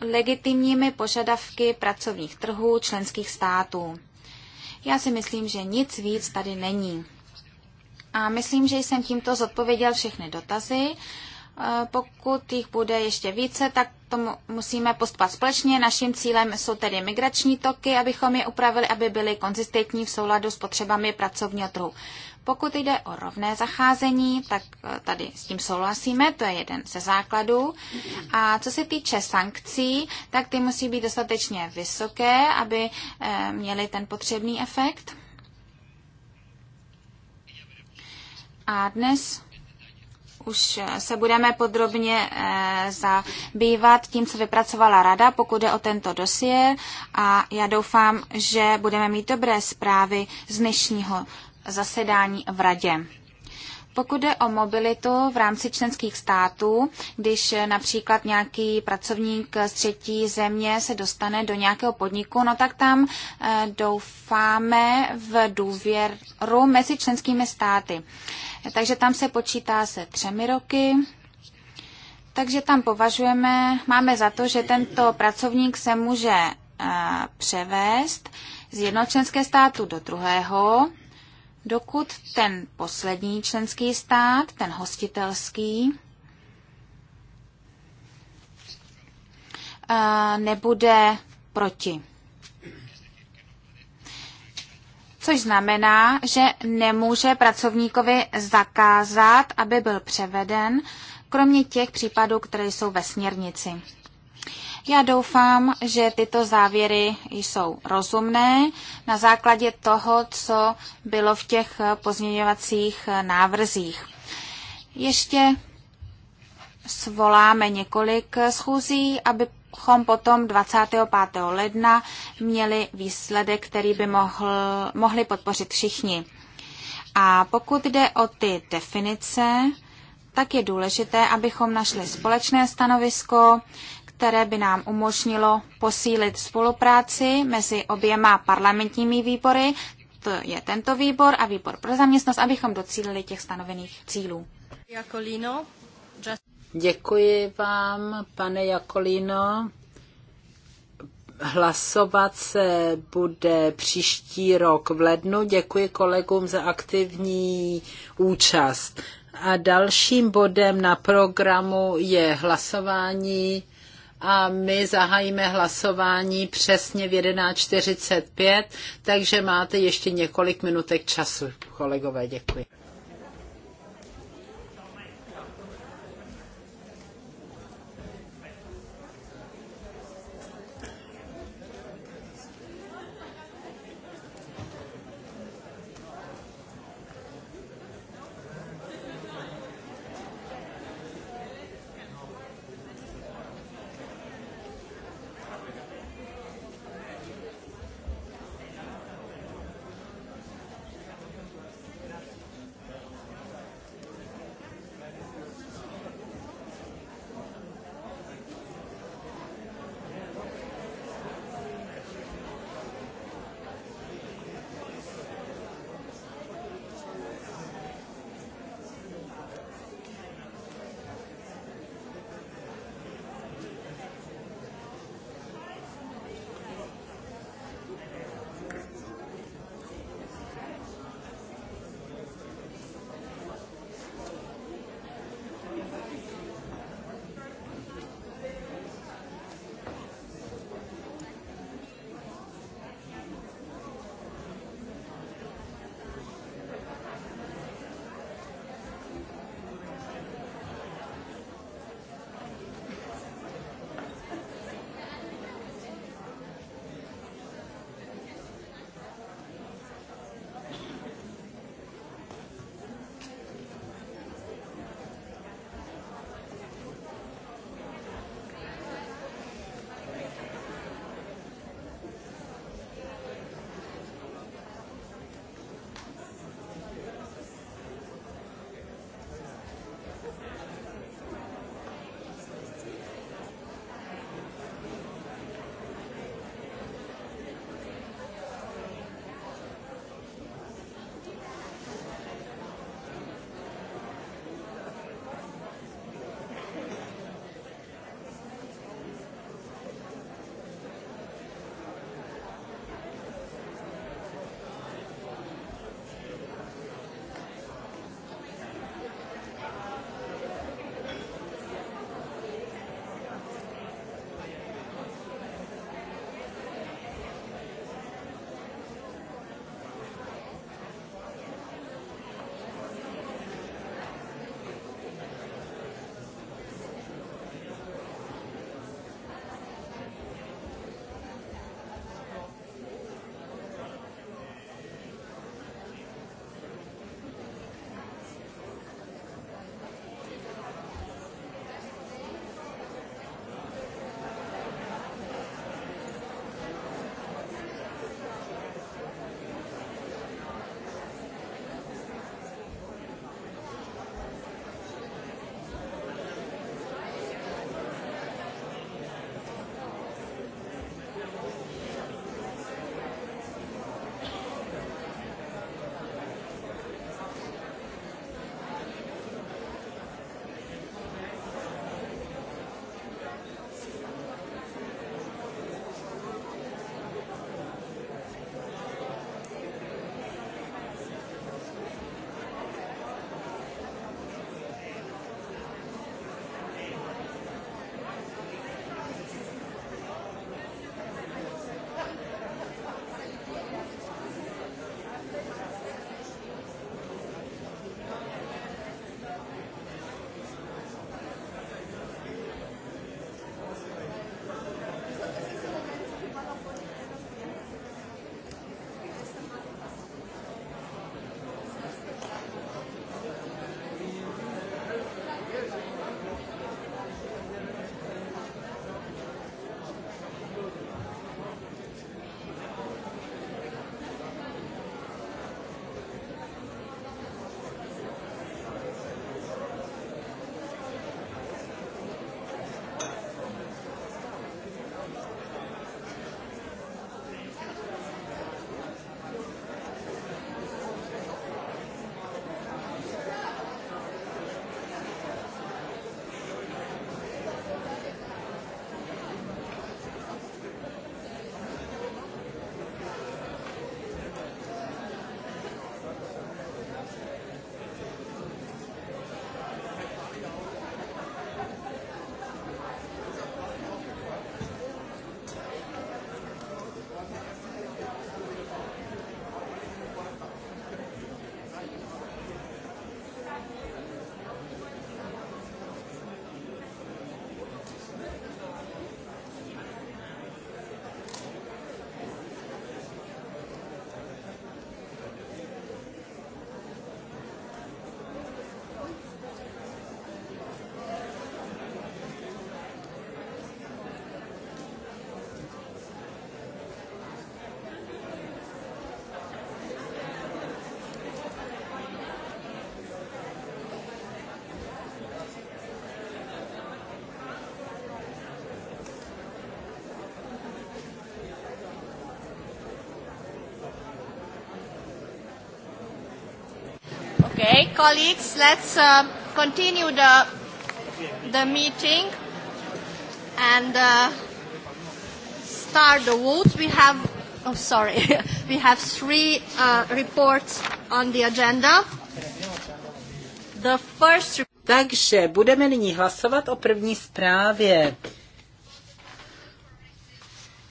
legitimními požadavky pracovních trhů členských států. Já si myslím, že nic víc tady není. A myslím, že jsem tímto zodpověděl všechny dotazy. E, pokud jich bude ještě více, tak to musíme postupovat společně. Naším cílem jsou tedy migrační toky, abychom je upravili, aby byly konzistentní v souladu s potřebami pracovního trhu. Pokud jde o rovné zacházení, tak e, tady s tím souhlasíme, to je jeden ze základů. A co se týče sankcí, tak ty musí být dostatečně vysoké, aby e, měly ten potřebný efekt. A dnes už eh, se budeme podrobně eh, zabývat tím, co vypracovala rada, pokud je o tento dosie a já doufám, že budeme mít dobré zprávy z dnešního zasedání v radě. Pokud jde o mobilitu v rámci členských států, když eh, například nějaký pracovník z třetí země se dostane do nějakého podniku, no tak tam eh, doufáme v důvěru mezi členskými státy. Takže tam se počítá se třemi roky, takže tam považujeme, máme za to, že tento pracovník se může eh, převést z jednočlenské státu do druhého, dokud ten poslední členský stát, ten hostitelský, nebude proti. Což znamená, že nemůže pracovníkovi zakázat, aby byl převeden, kromě těch případů, které jsou ve směrnici. Já doufám, že tyto závěry jsou rozumné na základě toho, co bylo v těch pozměňovacích návrzích. Ještě svoláme několik schůzí, abychom potom 25. ledna měli výsledek, který by mohl, mohli podpořit všichni. A pokud jde o ty definice, tak je důležité, abychom našli společné stanovisko, které by nám umožnilo posílit spolupráci mezi oběma parlamentními výbory, to je tento výbor a výbor pro zaměstnost, abychom docílili těch stanovených cílů. Děkuji vám, pane Jakolino. Hlasovat se bude příští rok v lednu. Děkuji kolegům za aktivní účast. A dalším bodem na programu je hlasování a my zahájíme hlasování přesně v 11.45, takže máte ještě několik minutek času, kolegové, děkuji. Okay, colleagues, let's uh, continue the, the meeting and uh, start the vote. We have, oh, sorry, we have three uh, reports on the agenda. The first Takže budeme nyní hlasovat o první zprávě,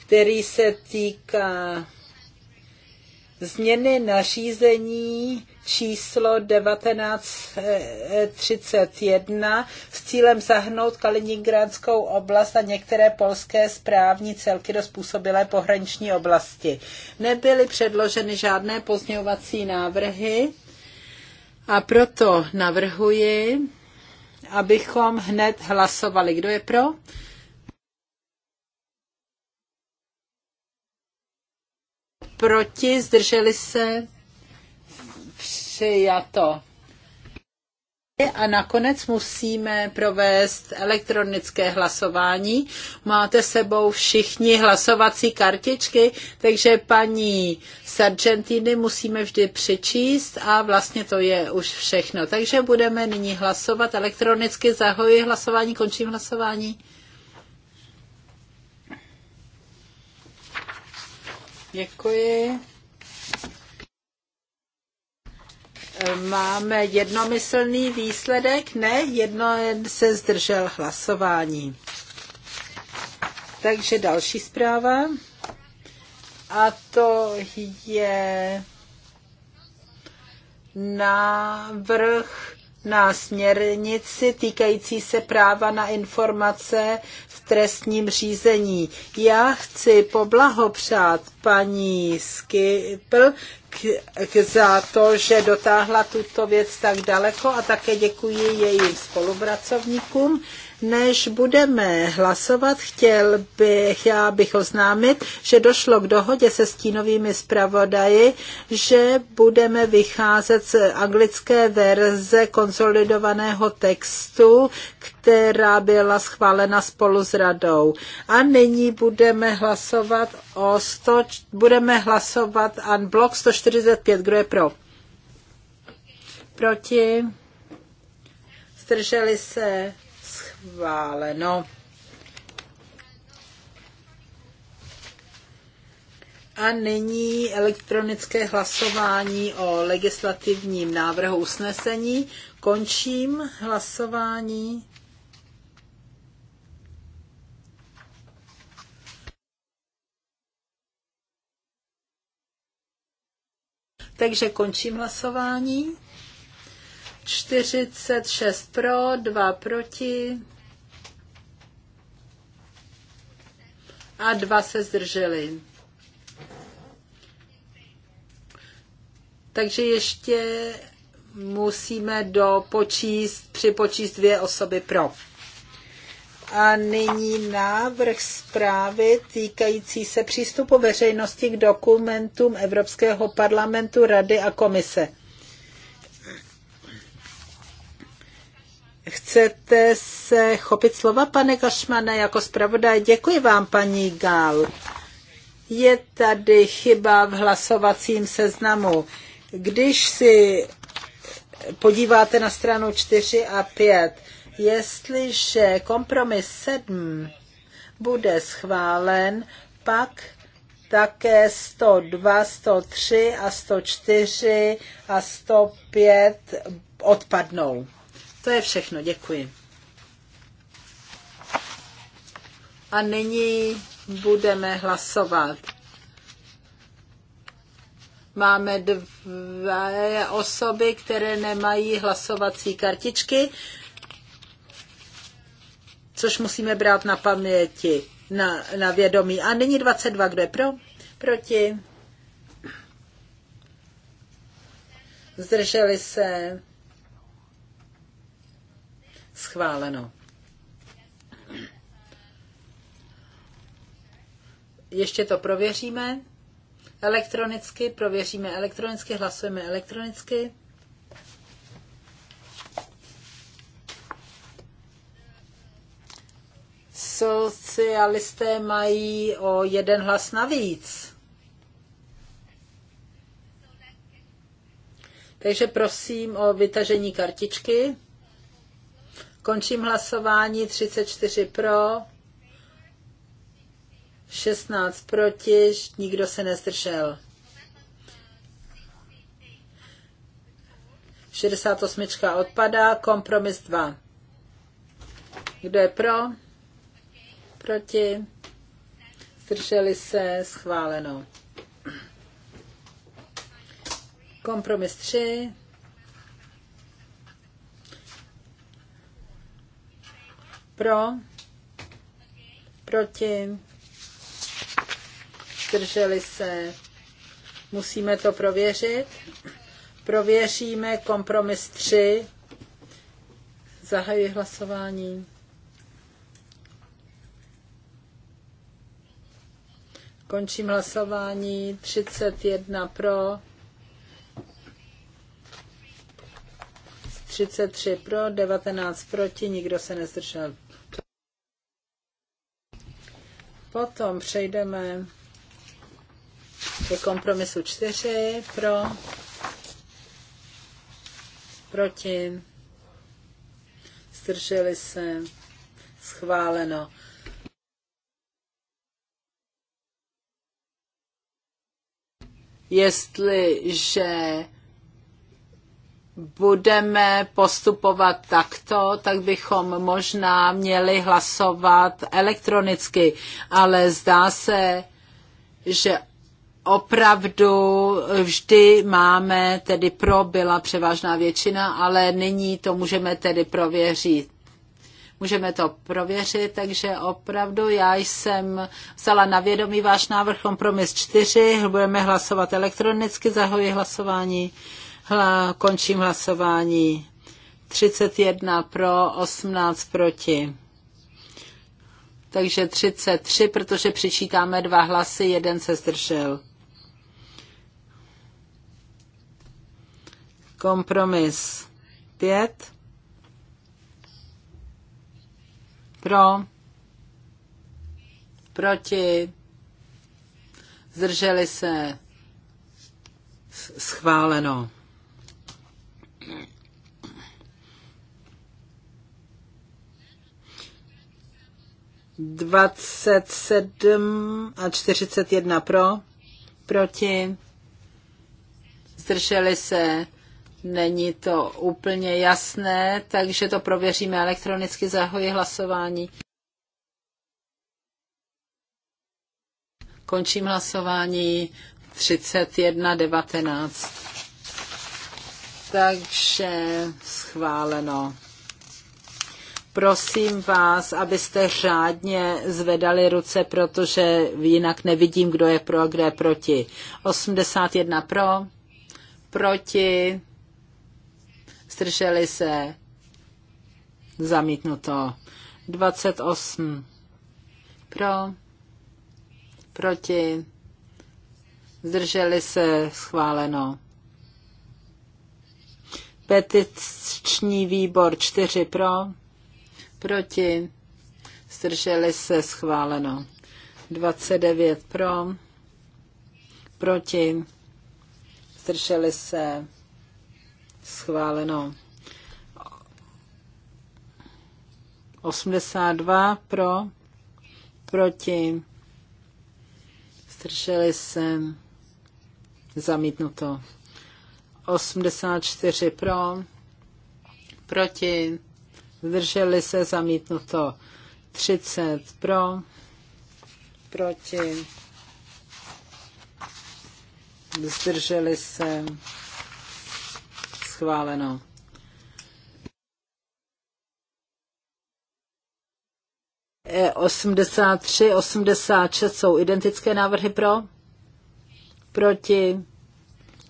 který se týká změny nařízení číslo 1931 s cílem zahrnout Kaliningradskou oblast a některé polské správní celky do způsobilé pohraniční oblasti. Nebyly předloženy žádné pozměňovací návrhy a proto navrhuji, abychom hned hlasovali. Kdo je pro? Proti, zdrželi se, přijato. A nakonec musíme provést elektronické hlasování. Máte sebou všichni hlasovací kartičky, takže paní Sargentiny musíme vždy přečíst a vlastně to je už všechno. Takže budeme nyní hlasovat elektronicky. Zahoji hlasování, končím hlasování. Děkuji. Máme jednomyslný výsledek? Ne, jedno se zdržel hlasování. Takže další zpráva. A to je návrh na směrnici týkající se práva na informace v trestním řízení. Já chci poblahopřát paní Skipl k, za to, že dotáhla tuto věc tak daleko a také děkuji jejím spolupracovníkům. Než budeme hlasovat, chtěl bych, já bych oznámit, že došlo k dohodě se stínovými zpravodaji, že budeme vycházet z anglické verze konsolidovaného textu, která byla schválena spolu s radou. A nyní budeme hlasovat o 100, budeme hlasovat unblock 145. Kdo je pro? Proti? Zdrželi se? schváleno. A nyní elektronické hlasování o legislativním návrhu usnesení. Končím hlasování. Takže končím hlasování. 46 pro, 2 proti, a dva se zdrželi. Takže ještě musíme dopočíst, připočíst dvě osoby pro. A nyní návrh zprávy týkající se přístupu veřejnosti k dokumentům Evropského parlamentu, Rady a Komise. Chcete se chopit slova, pane Gašmane, jako zpravodaj? Děkuji vám, paní Gál. Je tady chyba v hlasovacím seznamu. Když si podíváte na stranu 4 a 5, jestliže kompromis 7 bude schválen, pak také 102, 103 a 104 a 105 odpadnou. To je všechno, děkuji. A nyní budeme hlasovat. Máme dvě osoby, které nemají hlasovací kartičky, což musíme brát na paměti, na, na vědomí. A nyní 22, kdo je pro? Proti? Zdrželi se? Schváleno. Ještě to prověříme. Elektronicky, prověříme elektronicky, hlasujeme elektronicky. Socialisté mají o jeden hlas navíc. Takže prosím o vytažení kartičky. Končím hlasování 34 pro, 16 proti, nikdo se nezdržel. 68 odpadá, kompromis 2. Kdo je pro? Proti? Zdrželi se, schváleno. Kompromis 3. Pro? Proti? Zdrželi se? Musíme to prověřit. Prověříme kompromis 3. Zahajuji hlasování. Končím hlasování. 31 pro. 33 pro, 19 proti, nikdo se nezdržel. Potom přejdeme ke kompromisu 4 pro, proti, zdrželi se, schváleno. Jestliže budeme postupovat takto, tak bychom možná měli hlasovat elektronicky, ale zdá se, že opravdu vždy máme, tedy pro byla převážná většina, ale nyní to můžeme tedy prověřit. Můžeme to prověřit, takže opravdu já jsem vzala na vědomí váš návrh kompromis 4, budeme hlasovat elektronicky, zahoji hlasování. Hla, končím hlasování. 31 pro, 18 proti. Takže 33, protože přičítáme dva hlasy, jeden se zdržel. Kompromis 5. Pro. Proti. Zdrželi se. Schváleno. 27 a 41 pro, proti, zdrželi se, není to úplně jasné, takže to prověříme elektronicky, zahoji hlasování. Končím hlasování 31.19. Takže schváleno. Prosím vás, abyste řádně zvedali ruce, protože jinak nevidím, kdo je pro a kdo je proti. 81 pro, proti, zdrželi se, zamítnuto. 28 pro, proti, zdrželi se, schváleno. Petiční výbor 4 pro, proti, zdrželi se schváleno. 29 pro, proti, zdrželi se schváleno. 82 pro, proti, zdrželi se zamítnuto. 84 pro, proti, zdrželi se, zamítnuto 30 pro, proti, zdrželi se, schváleno. E 83, 86 jsou identické návrhy pro, proti,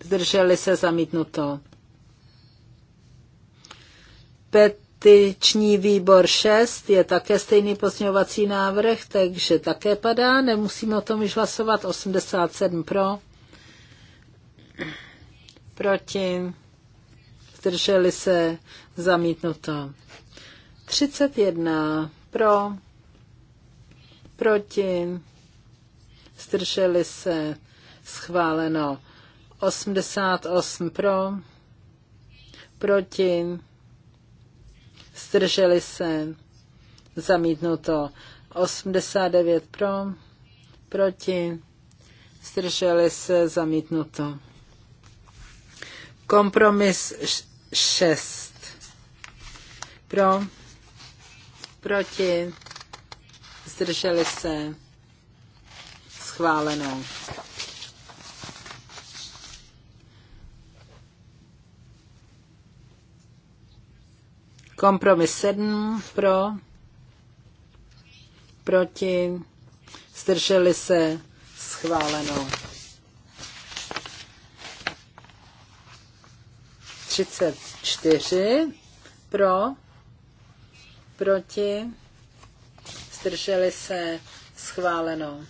zdrželi se, zamítnuto. Pet petiční výbor 6 je také stejný pozměňovací návrh, takže také padá. Nemusíme o tom již hlasovat. 87 pro. Proti. Zdrželi se. Zamítnuto. 31 pro. Proti. Zdrželi se. Schváleno. 88 pro. Proti zdrželi se, zamítnuto 89 pro, proti, zdrželi se, zamítnuto. Kompromis 6 pro, proti, zdrželi se, schváleno. Kompromis 7 pro, proti, zdrželi se schváleno. 34 pro, proti, zdrželi se schváleno.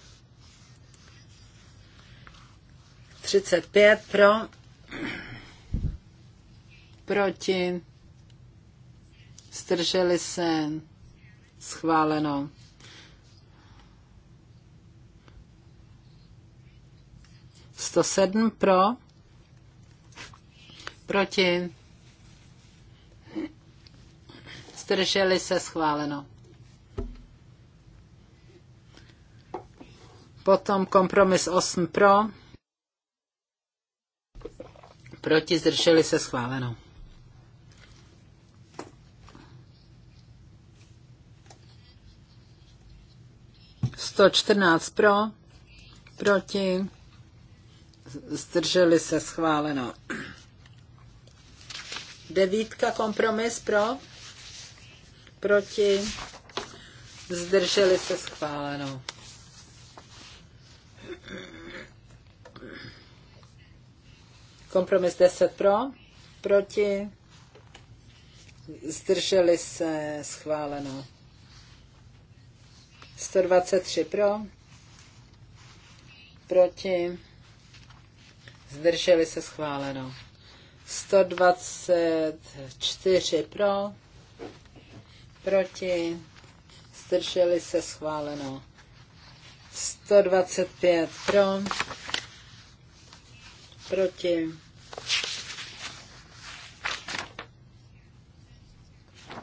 35 pro, proti, Zdrželi se. Schváleno. Sto sedm pro. Proti. Zdrželi se. Schváleno. Potom kompromis 8 pro. Proti zdrželi se schváleno. 114 pro, proti, zdrželi se schváleno. Devítka kompromis pro, proti, zdrželi se schváleno. Kompromis 10 pro, proti, zdrželi se schváleno. 123 pro, proti, zdrželi se schváleno. 124 pro, proti, zdrželi se schváleno. 125 pro, proti,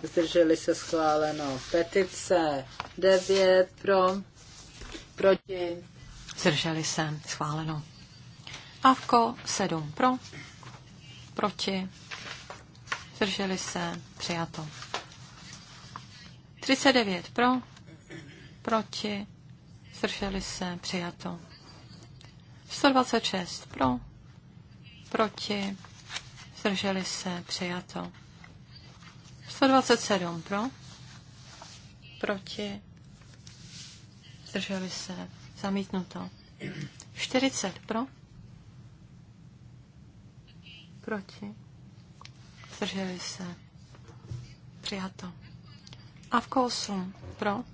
zdrželi se schváleno. Petice 9 pro, proti. Zdrželi se, schváleno. Avko 7 pro, proti. Zdrželi se, přijato. 39 pro, proti. Zdrželi se, přijato. 126 pro, proti. Zdrželi se, přijato. 127 pro, proti, zdrželi se, zamítnuto. 40 pro, proti, zdrželi se, přijato. A v 8 pro,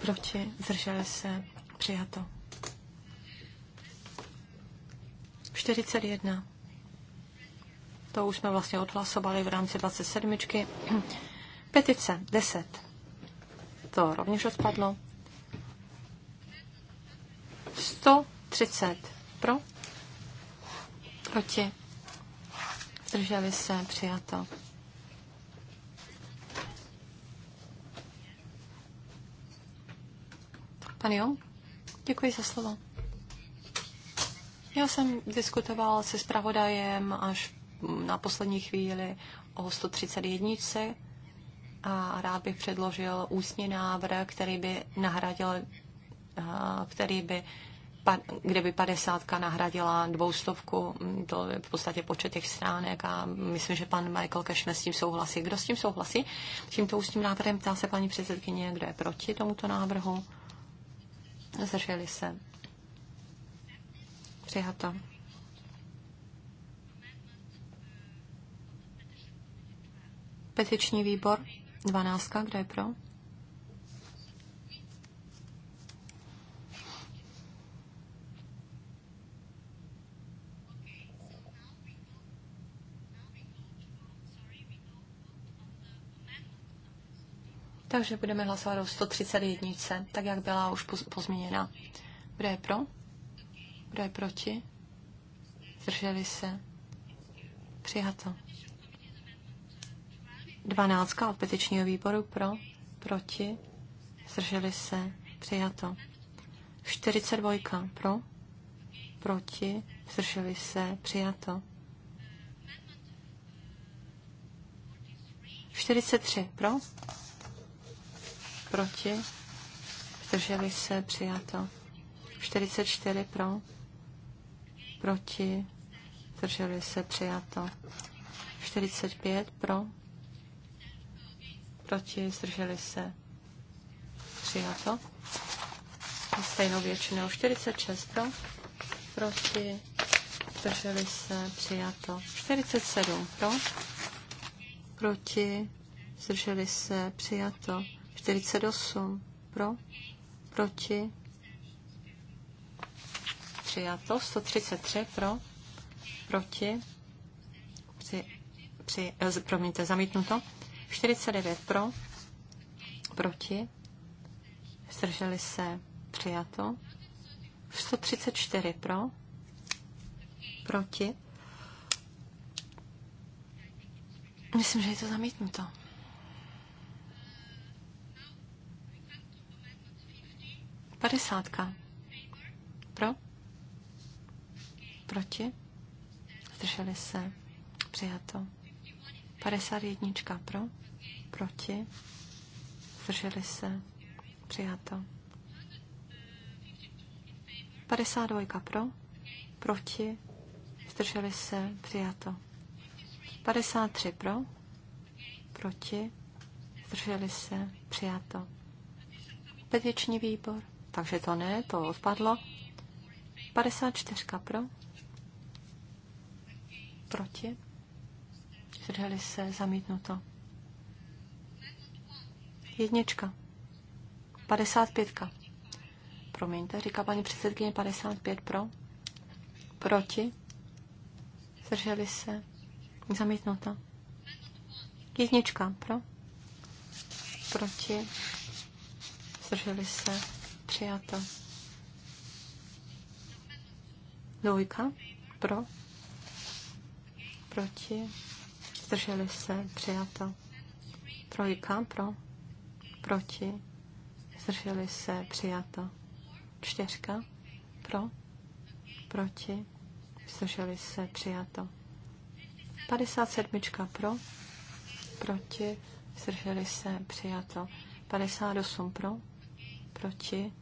proti, zdrželi se, přijato. 41. To už jsme vlastně odhlasovali v rámci 27. Petice 10 to rovněž odpadlo. 130 pro, proti, zdrželi se, přijato. Pan Jo, děkuji za slovo. Já jsem diskutoval se zpravodajem až na poslední chvíli o 131, a rád bych předložil ústní návrh, který by nahradil, který by kde by 50 nahradila dvoustovku, to je v podstatě počet těch stránek a myslím, že pan Michael Cashman s tím souhlasí. Kdo s tím souhlasí? Tímto ústním návrhem ptá se paní předsedkyně, kdo je proti tomuto návrhu. Zdrželi se. Přijato. Petiční výbor 12, kdo je pro? Takže budeme hlasovat o 131, tak jak byla už pozměněna. Kdo je pro? Kdo je proti? Zdrželi se? Přijato. Dvanáctka od petičního výboru pro, proti, zdrželi se, přijato. 42 pro, proti, zdrželi se, přijato. 43 pro, proti, zdrželi se, přijato. 44 pro, proti, zdrželi se, přijato. 45 pro, proti, zdrželi se, přijato. Stejnou většinou 46 pro, proti, zdrželi se, přijato. 47 pro, proti, zdrželi se, přijato. 48 pro, proti, přijato. 133 pro, proti, při, při, eh, promiňte, zamítnuto. 49 pro, proti, zdrželi se, přijato. 134 pro, proti. Myslím, že je to zamítnuto. Padesátka. Pro? Proti? Zdrželi se. Přijato. 51 pro, proti, zdrželi se, přijato. 52 pro, proti, zdrželi se, přijato. 53 pro, proti, zdrželi se, přijato. Petiční výbor, takže to ne, to odpadlo. 54 pro, proti, zdrželi se, zamítnuto. Jednička. 55. Promiňte, říká paní předsedkyně 55 pro. Proti. Zdrželi se. Zamítnuto. Jednička pro. Proti. Zdrželi se. Přijato. Dvojka pro. Proti zdrželi se, přijato. Trojka pro, proti, zdrželi se, přijato. Čtyřka pro, proti, zdrželi se, přijato. 57 pro, proti, zdrželi se, přijato. 58 pro, proti,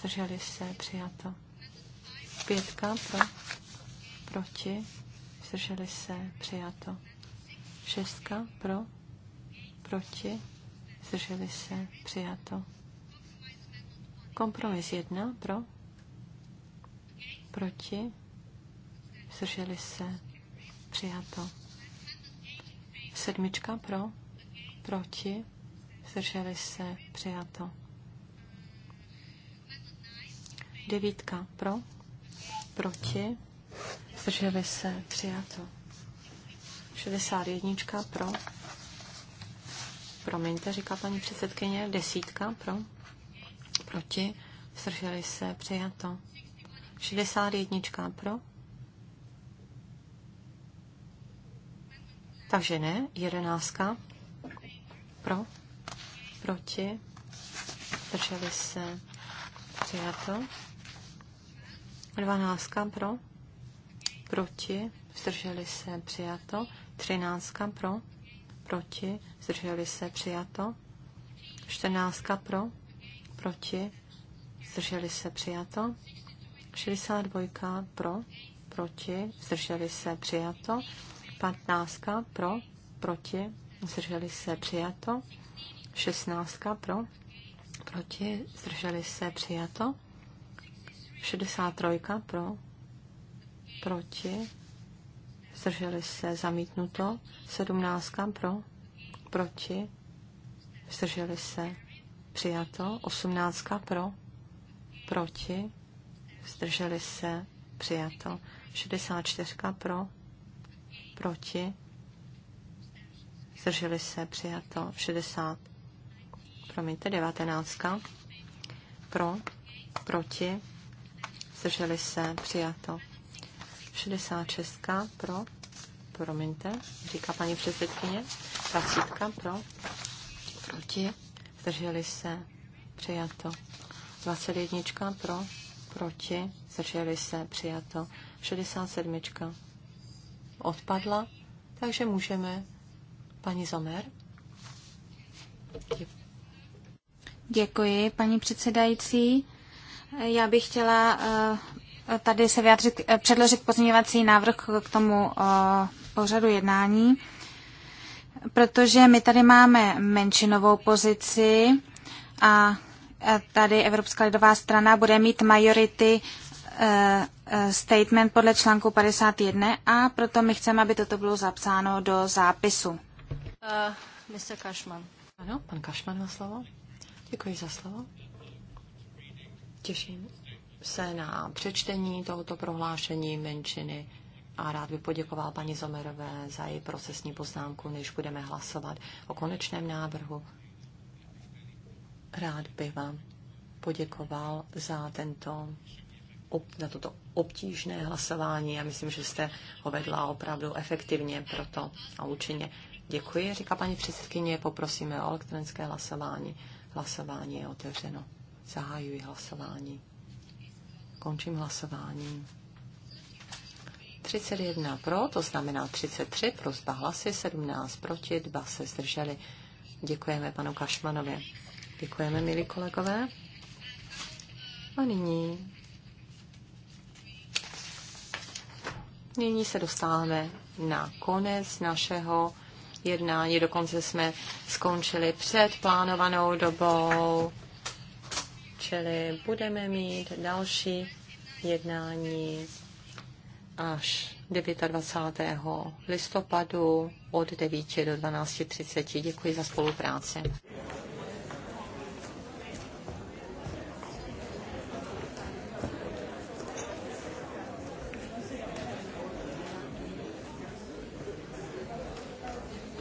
zdrželi se, přijato. Pětka pro, proti, zdrželi se, přijato. Šestka pro, proti, zdrželi se, přijato. Kompromis jedna pro, proti, zdrželi se, přijato. Sedmička pro, proti, zdrželi se, přijato. Devítka pro, proti, zdrželi se, přijato. 61 pro. Promiňte, říká paní předsedkyně. Desítka pro. Proti. Zdrželi se. Přijato. 61 pro. Takže ne. Jedenáctka pro. Proti. Zdrželi se. Přijato. Dvanáctka pro. Proti. Zdrželi se. Přijato. 13 pro, proti, zdrželi se, přijato. 14 pro, proti, zdrželi se, přijato. 62 pro, proti, zdrželi se, přijato. 15 pro, proti, zdrželi se, přijato. 16 pro, proti, zdrželi se, přijato. 63 pro, proti, zdrželi se, zamítnuto. Sedmnáctka pro, proti, zdrželi se, přijato. Osmnáctka pro, proti, zdrželi se, přijato. čtyřka pro, proti, zdrželi se, přijato. šedesát promiňte, devatenáctka pro, proti, zdrželi se, přijato. 66 pro, promiňte, říká paní předsedkyně, tlačítka pro, proti, zdrželi se, přijato. 21 pro, proti, zdrželi se, přijato. 67 odpadla, takže můžeme, paní Zomer. Děkuji, paní předsedající. Já bych chtěla eh, tady se vyjádřit, eh, předložit pozměňovací návrh k tomu eh, pořadu jednání, protože my tady máme menšinovou pozici a eh, tady Evropská lidová strana bude mít majority statement podle článku 51 a proto my chceme, aby toto bylo zapsáno do zápisu. Uh, Mr. Kašman. Ano, pan Kašman na slovo. Děkuji za slovo. Těším se na přečtení tohoto prohlášení menšiny a rád bych poděkoval paní Zomerové za její procesní poznámku, než budeme hlasovat o konečném návrhu. Rád bych vám poděkoval za tento na toto obtížné hlasování. Já myslím, že jste ho vedla opravdu efektivně proto a účinně. Děkuji, říká paní předsedkyně, poprosíme o elektronické hlasování. Hlasování je otevřeno. Zahajuji hlasování. Končím hlasování. 31 pro, to znamená 33 pro zba hlasy, 17 proti, 2 se zdrželi. Děkujeme panu Kašmanovi. Děkujeme, milí kolegové. A nyní... Nyní se dostáváme na konec našeho jednání. Dokonce jsme skončili před plánovanou dobou čili budeme mít další jednání až 29. listopadu od 9 do 12.30. Děkuji za spolupráci.